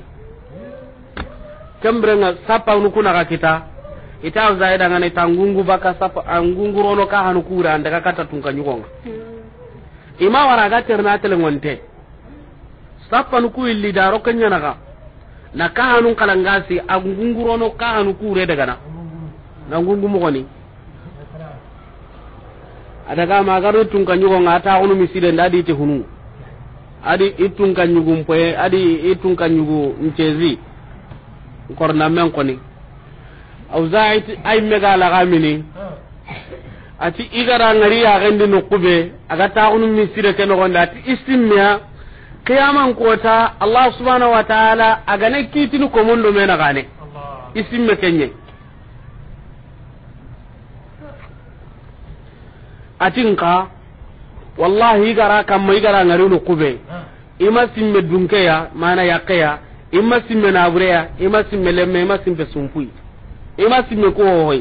S2: kembre nga sapa nu kuna ka kita ita zaida ngane tangungu baka sapa angungu ah, rono ka hanu randa ka kata tunka nyukonga
S3: hmm.
S2: ima wara ga terna tele ngonte sapa nu ku illi daro kenya naga na ka hanu kalanga si angungu ah, rono ka hanu kure daga na na ngungu mo adaga magaru tunka nyugo ngata hunu misile ndadi ti hunu adi itunka nyugu mpoe adi itunka nyugu mchezi korna men koni awza'i ay mega la gamini ati igara ngari ya gendi aga ta hunu misile ken gonda ati kota allah subhanahu wa ta'ala aga ne kitinu mena gane kenye atinka wallahi igara kamma igara ngari no kube ah. ima simme dunke ya mana yakke ima simme nabure ima simme lemme ima simme sumpui ima simme ko hoy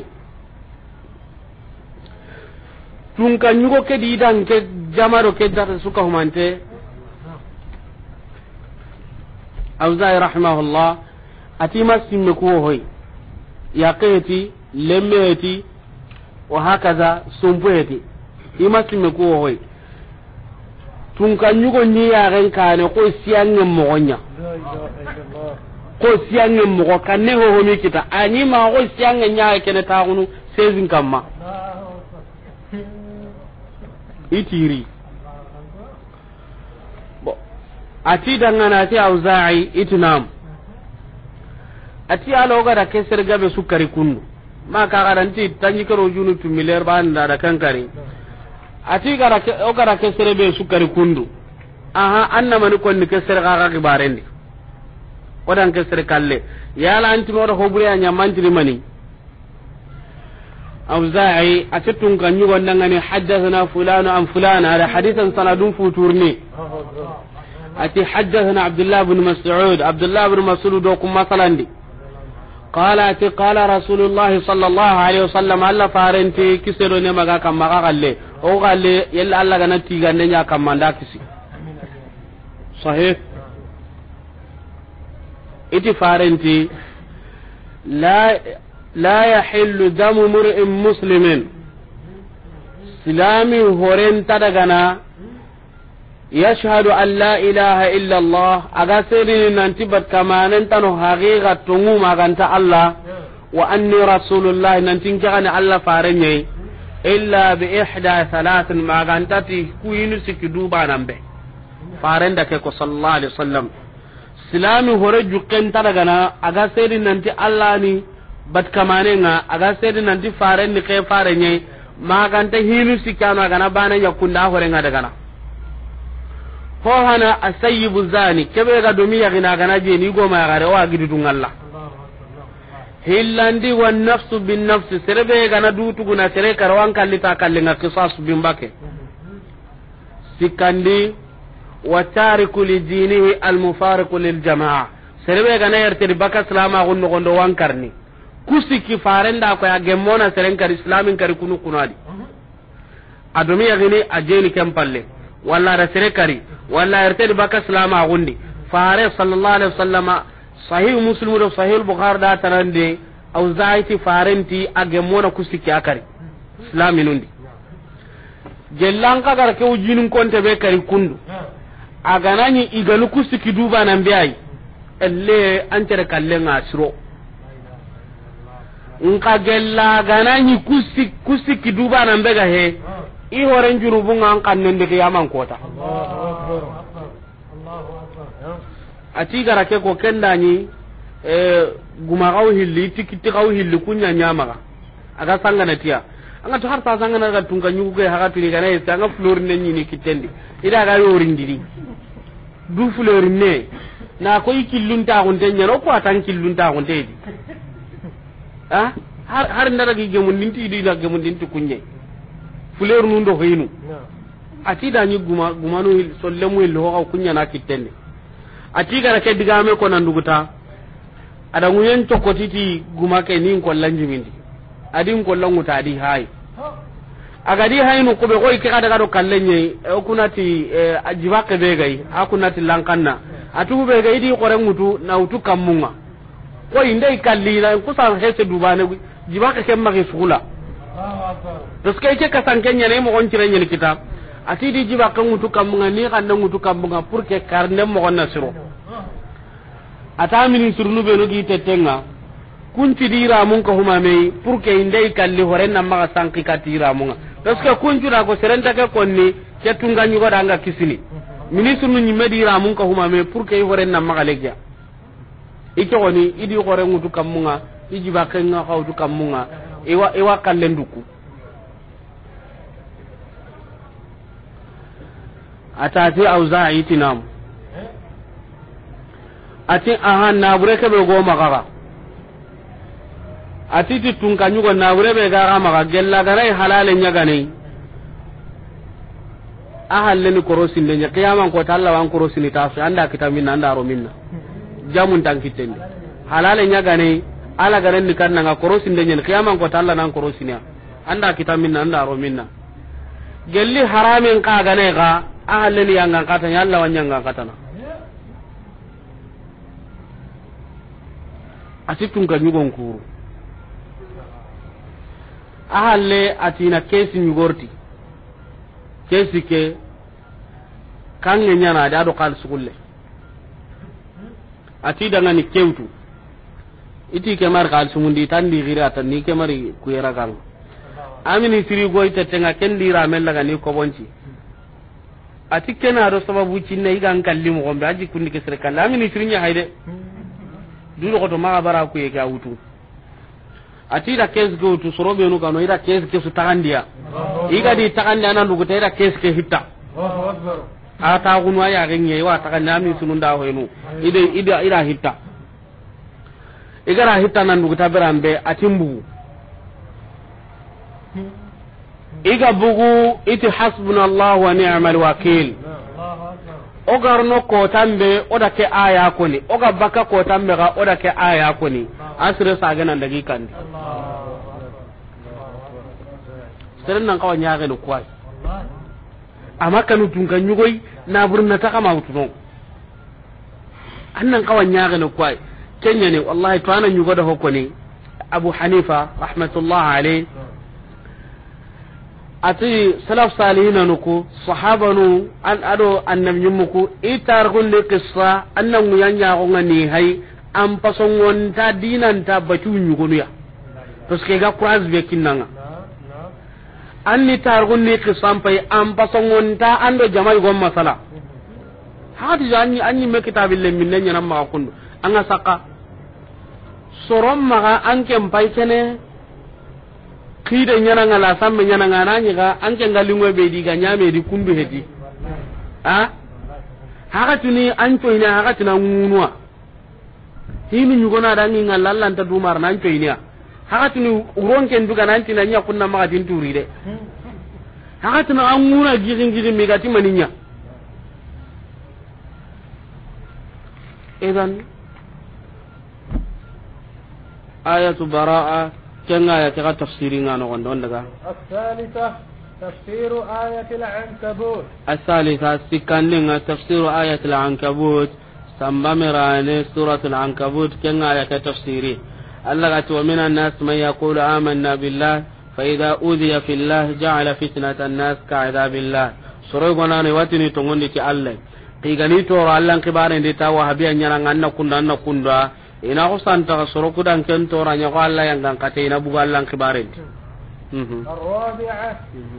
S2: tun ka nyugo ke di dan ke jamaro ke dar suka humante auzai rahimahullah ati ma simme ko hoy yaqeti lemmeti wa hakaza sumpeti ima simme ko hoy tun kan yugo ni ya ren kane ko mo mogonya ko mo mogo ne ho mi kita ani ma ko siyange nya e kene ta gunu sezin kamma itiri ati na ati auza'i itinam ati a oga da kesere gabe sukari kunu ma ka garanti karo junu tumiler ban da da kankari ati gara o gara ke sere be sukari kundu aha anna mani konni ke sere ga ga gibarendi o dan ke sere kalle yala anti mo do hobure anya mantri mani awza'i atatun kan yugo ndangani haddathana fulanu an fulana ala hadithan sanadun futurni ati haddathana abdullah ibn mas'ud abdullah ibn mas'ud do kum masalandi qala ati qala rasulullah sallallahu alaihi wasallam alla وسلم ألا فارنتي كسرني مغا كم galle. o galle yalla alla gana ya nya manda kisi sahih iti farenti la la yahillu damu mur'in muslimin silami horen tadagana yashhadu an la ilaha illa allah aga serini nanti bat kamanen tano haqiqa tungu maganta allah wa anni rasulullah nanti kagani allah farenyai illa bi ihda salatin magantati siki duba nan be da ke ko sallallahu alaihi wasallam silami hore jukken na aga sedi nanti allah ni bat kamane nga aga sedi nanti faran ni ke faran nye maganta hinu sikano gana bana da hore nga na ko hana asayibu zani kebe ga domi gina gana je ni goma gare wa gidi allah hillandi wan nafsu bin nafsi serebe gana dutu guna sere karawan kallita kallinga kisas bin bake sikkandi wa tariku li dinihi almufariku jamaa serebe gana yertedi baka silamagun nogondo wankarni kusiki farenda koy a gemmona seren kari islamin kari kunu kunadi adomi yagini a jeni ken palle walla ada sere kari walla yertedi baka gundi fare sallallahu alaihi wasallama sahih muslim do sahih bukhari da tanande aw zaiti farenti agemona kusiki akari islaminundi gellan kagar ke ujinin konte be kari kundu aganani iganu kusiki duba nan biyayi elle an tere kallen asiro nka gella ganani kusiki kusiki duba nan be ga he i horen jurubun an kannen de yaman kota Allahu akbar Allahu akbar ati gara ke ko kendani e guma gaw hilli tikiti gaw hilli kunya nyamaga aga sangana tiya anga to har ta na ga tunga nyugo ke haga tuli kana yesa anga flor ne nyini kitendi ida ga yorindiri du flor ne na ko ikillun ta hunde nyano ko atan killun ta hunde di ha har har ndara gi gemun ninti di na gemun ninti kunye flor nundo hoyinu ati da nyi guma guma no solle mu ilho kunya na kitende ati gara ke me ko nan duguta ada nguyen to kotiti guma ke nin ko lanji mindi adi ko lanu ta di hay aga di hay no ko be koy ke kada gado kallenye e o kunati e, ajiba ke be gai akunati lankanna atu be gay di qore ngutu na utu kamunga koy ndai kallina kusa hese dubane jiba ke kemma ke sugula to
S3: ah, ah,
S2: ah. ske ke kasan kenya ne mo gon cire nyel kitab ati di jiba kan ngutu kambunga ni kan da ngutu kambunga pour que karne mo gonna siro ata mini surnu be no gi tetenga kunti dira mun ko huma mei pour que indai kalli horen na maga sanki katira mun parce que kunju na ko serenta ke konni ke tunga nyugo danga kisini mini nu me dira mun ko huma mei pour que horen na maga i ike woni idi horen ngutu kambunga ijiba kan nga hawtu kambunga iwa iwa kallenduku atati auza'i tinam ati aha nabure kebe go magara ati ti tunka nyugo nabure be gaga maga gella garai halale aha ahalle ni korosin nya nyakiyaman ko talla wan korosini tasu anda kitamin anda ro minna jamun tan kitende halale nyagane ala garen ni kan nga korosin le nya kiyaman ko talla nan ni anda kitamin anda ro minna gelli haramin ka gane ga ahallin kata katanya Allah kata na asitun ka nyugon kuru ahalle atina kesi nyugorti kesi ke kange nyana da do kal sukulle ati daga ni kewtu iti ke mar kal sumundi tan di gira tan ni ke mari kuyera kan amini siri goy tetenga ken dira men daga ni ko bonci ati kena do sababu cinna igan kalli mo gombe aji kundi ke serkal la ngini tirinya haide dulu ko to ma bara ku e ga wutu ati da kes go to soro be no kano ida kes ke su tagandia iga di tagandia nan dugu ta ida kes ke hitta a ta gunu aya ganye wa tagandia mi sunun da hoyinu ida ida ida hitta igara hitta nan dugu ta berambe atimbu iga bugu iti hasbuna allah wa ni'mal wakil o garno o da ke aya ga baka ko tambe ga da ke aya koni asire saganan dagi kandi sirin nan kawa ñageni kwai amma kanu na ñugoy ma kama annan kawai nan kawa kwai kenya ne wallahi to da hokko ni abu hanifa rahmatullah alayhi ati salaf salihina nuku sahaba nu an ado annam nyumuku itar gunde kissa annam yanya ko ngani hay am pasongon ta dinan ta bacu nyugunu ya parce que ga kuraz be kinanga ni tar kunde qissa pay am pasongon ta ando jamal go masala hadi janni anni me kitabil min nanya namma kundu anga saka soromma ga anke mpai kene kide nyana ngala samme nyana ngana nyiga anke ngalingwe be di diga nyame di kumbi hedi ha haga tuni anto ina haga tuna ngunwa hini nyugona dangi ngalallan ta dumar nanco ina haka tuni uronke nduga nanti nanya kunna maka tinturi de haga tuna anguna girin girin megati maninya idan ayatu bara'a كنا يتغى تفسيري نانو غندون
S1: الثالثة تفسير آية العنكبوت
S2: الثالثة سكان لنا تفسير آية العنكبوت سمبمراني سورة العنكبوت كنا تفسيري اللغة ومن الناس من يقول آمنا بالله فإذا أوذي في الله جعل فتنة الناس كعذاب الله سروغنا واتني تغني الله قيغني تورا اللان كبارين دي تاوى بيان يران أن كنا أن كنا ina ko santa ka soro ku dan ken to ranya ko Allah yang dan kate ina buga Allah kibare ti mhm.
S1: arrabi'a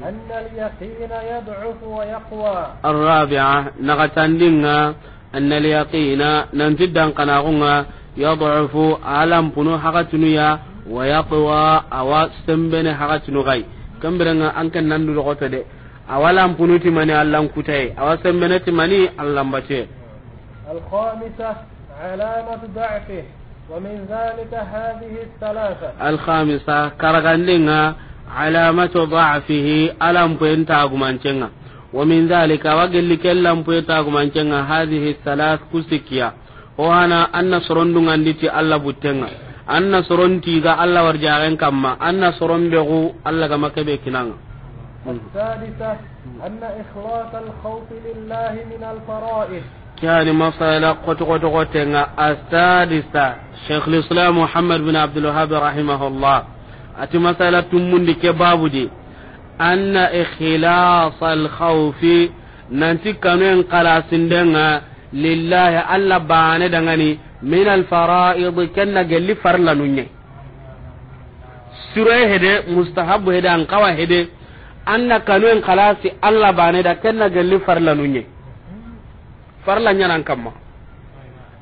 S1: anna al-yaqina yad'ufu wa
S2: yaqwa anna al-yaqina nan tiddan kana kunga yad'ufu alam puno hakatunu ya wa yaqwa awa stembene hakatunu gai an anken nan du ko tede awala mpunuti mani Allah kutai awa stembene timani Allah mbache
S1: al-khamisah علامة ضعفه ومن ذلك هذه الثلاثة
S2: الخامسة كرغندنا علامة ضعفه ألم بنتاغمانتنا ومن ذلك وقل كلم بنتاغمانتنا هذه الثلاث كسكيا وهنا أن سرندنا عندي ألا بوتنا أن سرنتي إذا ألا ورجعين كما أن سرن ألا كما كبكنا
S1: الثالثة أن إخلاص الخوف لله من الفرائض
S2: yani masala koto koto kote Sheikh Islam Muhammad bin Abdul Wahab rahimahullah ati masala tumundi ke babu di anna ikhlas al khawf nanti kanen qala lillahi alla bane dangani min al kanna gelli farlanunye sura hede mustahab hede an kawa hede anna kanen qala si alla bane da kanna gelli farlanunye farla ñanan kamma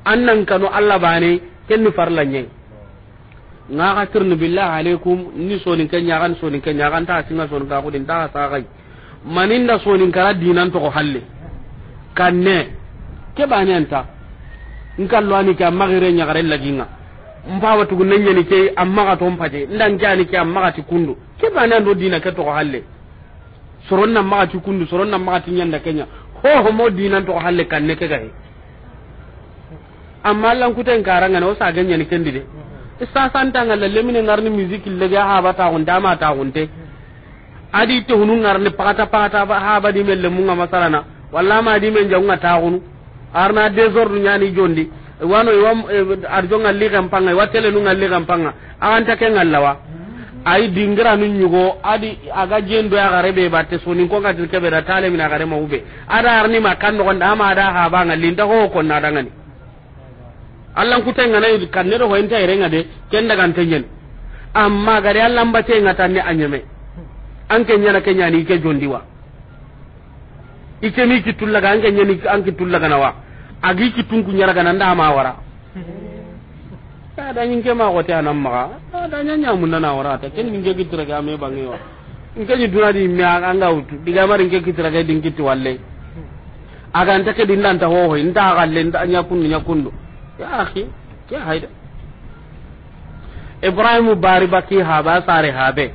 S2: annan kanu allah bane kenni farla ka alaikum ni sonin sonin ta singa sonin ka kudin ta sonin kara dinan halle kanne ke bane anta ani laginga na ñani ke ammaxa to mpate ndan ke ke ke bane ando halle kenya ho ho mo dinan to halle kan ne kega amma lan kuten karanga no sa ganya ni kendi de sa santa ngalla lemine ngarni music ga ha bata on dama ta on te adi to hunun ngarni pakata pakata ba ha ba di melle ngama sarana walla ma di men jawnga ta hunu arna du nyani jondi wano iwam eh, arjonga li kampanga watele nunga liga mpanga awanta ke ngallawa ay dingira nu nyugo adi aga jendo ya gare be batte soni ko ngati ke be da tale mina gare ma ube ada arni kan no nda ma ada ha banga linda ho ko na dangani Allah ku tanga kan ne ro hoynta ire ngade ken daga tanyen amma gare Allah mbate ngata ni anyeme an kenya na kenya ni ke jondiwa ike ni kitulla ga an kenya ni an kitulla ga wa agi kitun nyara ga da ma wara ka da nyin ke ma ko ta nan ma da nya nya mun na wara ta ken nyin ke gitira ga me bangi wa in ke duna di me an ga utu diga marin ke gitira ga din kitu walle aga anta ke din ta ho ho inta ga le inta nya kun nya kun ya akhi ya haida ibrahim bari baki ha ba sare habe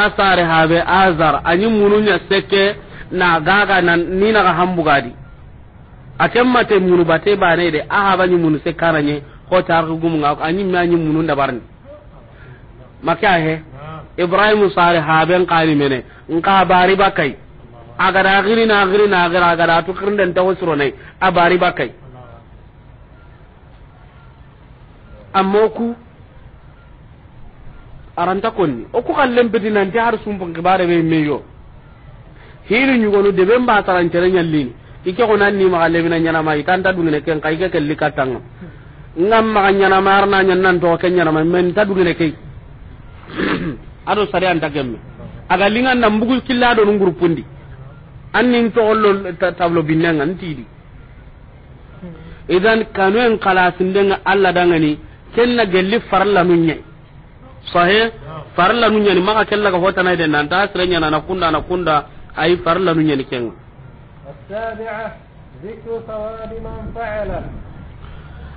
S2: a sare habe azar anyi mununya seke na gaga nan na nina ga hambugadi a te munu bate bane de a habani munu se karanye ko tarku gumu nga anyi me anyi munun da barni maka he ibrahim sare ben qali mene in ka bari bakai aga da agiri na agiri na gara aga da to kirin dan tawsuro nai a bari bakai amma ku aranta konni o ku kallen bidin nan har bun kibare be meyo hinu nyugonu de ben ba tarantere tere nyallini ike ko nan ni ma galle bina nyana mai itanta dungene ken kai ke kelli katanga ngam ma nyana marna nan to ken nyana men ta dugene kay ado sare an dagemme aga lingan nan bugu killa do ngur pundi annin to ollo tablo binnanga ntidi hmm. idan kanuen kalasindenga allah dangani kenna gelli farla nun nunye sahe hmm. farla nunye ni maka kella ka hota na idan ta sirenya na kunda na kunda ay farla nunye ni kenga
S1: السابعة ذكر ثواب من فعله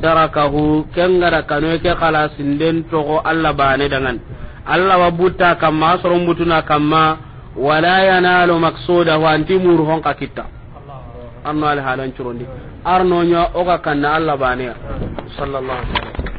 S2: tarakahu kengara gara ke kala sinden togo alla bane dangan alla wa butta kamma soron butuna kamma wala yanalu maqsudahu anti muru hon ka kitta anno al halan curondi arno nya oga kanna alla bane sallallahu alaihi wasallam